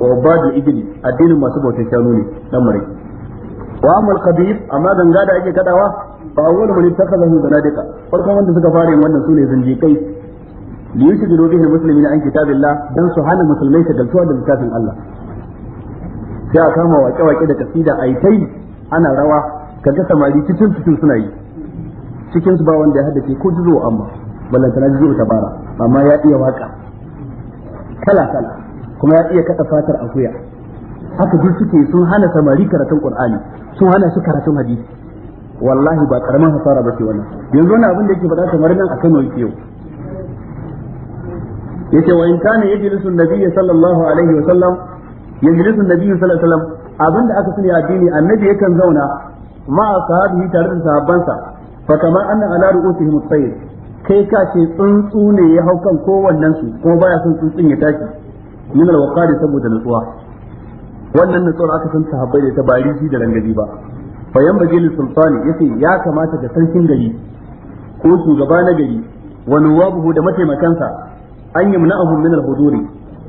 wa ubadul ibli addinin masu bautar shanu ne dan maraki wa amal khabib amma ganga da ake kadawa fa awwal man ittakhadhahu zanadika farkon wanda suka fara yin wannan sune zindiqai li yushghilu bihi almuslimina an kitabillah dan su hana musulmai ta galtuwa da littafin Allah sai a kama wake-wake da kasida aitai ana rawa kaga samari cikin cikin suna yi cikin su ba wanda ya haddace ko jizo amma ballantana jizo bara. amma ya iya waka kala kala kuma ya iya kada fatar akuya haka duk suke sun hana samari karatun qur'ani sun hana su karatun hadisi wallahi ba karaman hasara ba ce wannan yanzu wani abin da yake faɗa kamar nan a Kano yake yau yace wa in kana yajlisu an-nabiy sallallahu alaihi wa sallam yajlisu an-nabiy sallallahu alaihi wa sallam abinda aka sani addini annabi yakan zauna ma sahabihi tare da sahabbansa fa kamar anna ala ru'usihim at-tayr kai ka ce tsuntsu ne ya hau kan kowannen su ko baya son tsuntsun ya tashi min alwaqari saboda nutsuwa wannan nutsuwar aka san sahabbai da tabarishi da rangaji ba fa yanbaghi lil sultani yace ya kamata da sarkin gari ko shugaba na gari wa nuwabuhu da mataimakansa an yamna'ahum min al-huduri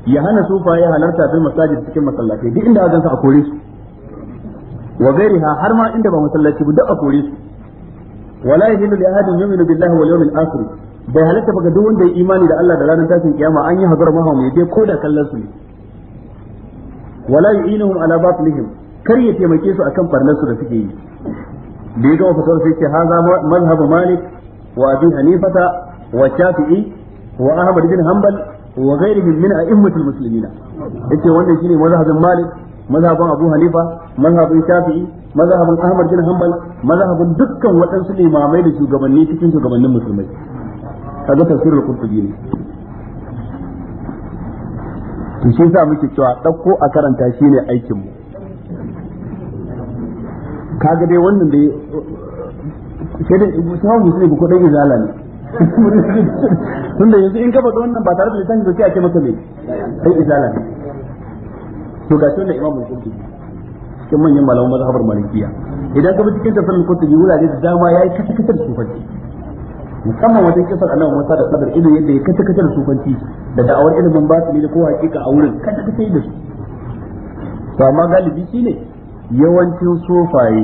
ya hana sufa ya halarta fil masajid cikin masallatai duk inda azansa a kore su wa gairiha har ma inda ba masallaci ba duk a kore su wala yahillu li ahadin yu'minu billahi wa yawmil akhir bai halatta ba ga duk wanda ya imani da Allah da ranar tashin kiyama an yi hazar maha mai dai ko da kallon su ne wala yu'inuhum ala batilihim kar ya taimake su akan farnar su da suke yi da ya gama fasar sai ce haza mazhabu malik wa abi hanifata wa shafi'i wa ahmad bin hanbal wa ghairihim min a'immatil muslimin yace wanda shine mazhabin malik mazhabin abu hanifa mazhabin shafi'i mazhabin ahmad bin hanbal mazhabin dukkan waɗansu limamai da shugabanni cikin shugabannin musulmai kaga tafsirul qurtubi ne to shi sa muke cewa dauko a karanta shi ne aikin mu kaga dai wannan dai shedan ibu sawu musulmi ko dai izala ne tunda yanzu in ka faɗi wannan ba tare da lisan zuciya ke maka me sai izala ne to ga shi imam al qurtubi cikin manyan malaman mazhabar malikiya idan ka bi cikin tafsirin qurtubi wurare da dama yayi kata kata da sufanci musamman wajen kisar annabi Musa da Khadir idan yadda ya kace kace da sufanci da da'awar ilimin batini da ko hakika a wurin kace kace da su to amma galibi shine yawancin sufaye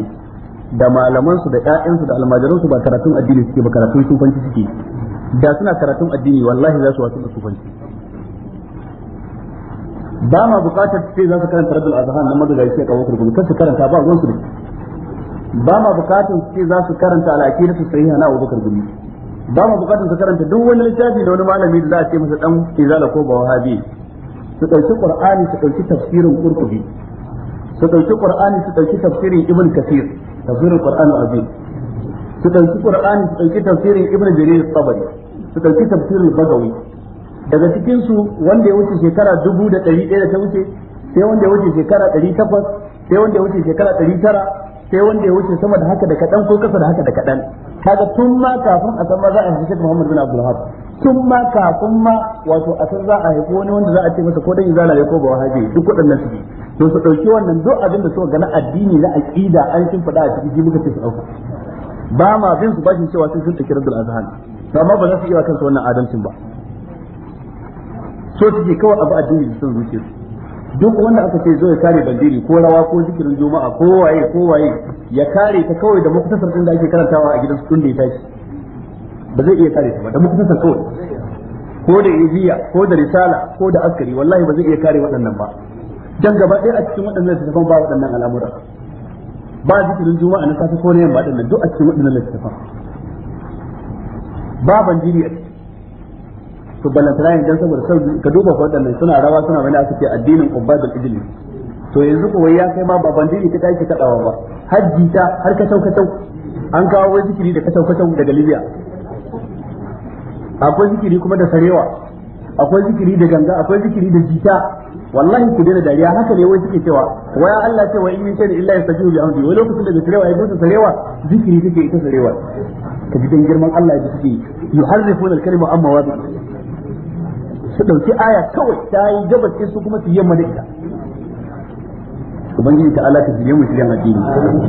da malaman su da ƴaƴan su da almajiran su ba karatun addini suke ba karatun sufanci suke da suna karatun addini wallahi za su wasu da sufanci ba ma bukatar sai za su karanta rabbul azhan na madalla yake kawo kurkun kar su karanta ba ruwan su ba ma bukatar sai za su karanta al-aqidatu sahiha na Abu Bakar Gumi ba mu bukatar su karanta duk wani littafi da wani malami da za a ce masa dan izala ko ba wahabi su ɗauki qur'ani su ɗauki tafsirin qurtubi su ɗauki qur'ani su ɗauki tafsirin ibn kathir tafsirin qur'an azim su ɗauki qur'ani su ɗauki tafsirin ibn jarir tabari su ɗauki tafsirin bagawi daga cikin su wanda ya wuce shekara dubu da ɗari ɗaya da ta wuce sai wanda ya wuce shekara ɗari takwas sai wanda ya wuce shekara ɗari tara sai wanda ya wuce sama da haka da kaɗan ko ƙasa da haka da kaɗan kaga tun ma kafin a san ma za a haifi Muhammad bin Abdul Wahab tun ma kafin ma wato a san za a haifi wani wanda za a ce masa ko dan izala ya ko ba wahabi duk waɗannan su to su dauki wannan duk abin da suka gana addini na aqida an shin fada a cikin muka ce su dauka ba ma bin su bashin cewa sun sun takirar dul azhan to amma ba za su iya kansu wannan adalcin ba so take kawai abu addini da son zuciyarsu duk wanda aka ce zo ya kare bandiri ko rawa ko zikirin juma'a ko waye ko waye ya kare ta kawai da muktasar din da ake karantawa a gidan sun da ya tashi ba zai iya kare ta ba da muktasar kawai ko da ibiya ko da risala ko da askari wallahi ba zai iya kare waɗannan ba dan gaba ɗaya a cikin waɗannan littattafan ba waɗannan al'amura ba zikirin juma'a na safe ko na yamma waɗannan duk a cikin waɗannan littattafan ba bandiri a cikin to ballantana yin dan saboda sauki ka duba waɗannan suna rawa suna wani aka ce addinin da ijli to yanzu kuwa ya kai ma baban dini ta tashi ka ba hajji ta har ka sauka sau an kawo wani zikiri da ka sauka sau daga Libya akwai zikiri kuma da sarewa akwai zikiri da ganga akwai zikiri da jita wallahi ku daina dariya haka ne wai suke cewa waya Allah ce wa in min shay'in illa yastajibu bi amri wai lokacin da bai sarewa ya gusa sarewa zikiri take ita sarewa ka ji girman Allah da suke yuharrifuna al-kalima amma wadi su ɗauki aya kawai ta yi gabas su kuma su yamma da ita ubangiji ta ala su yi mu shiryen addini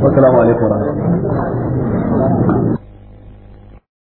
assalamu alaikum warahmatullahi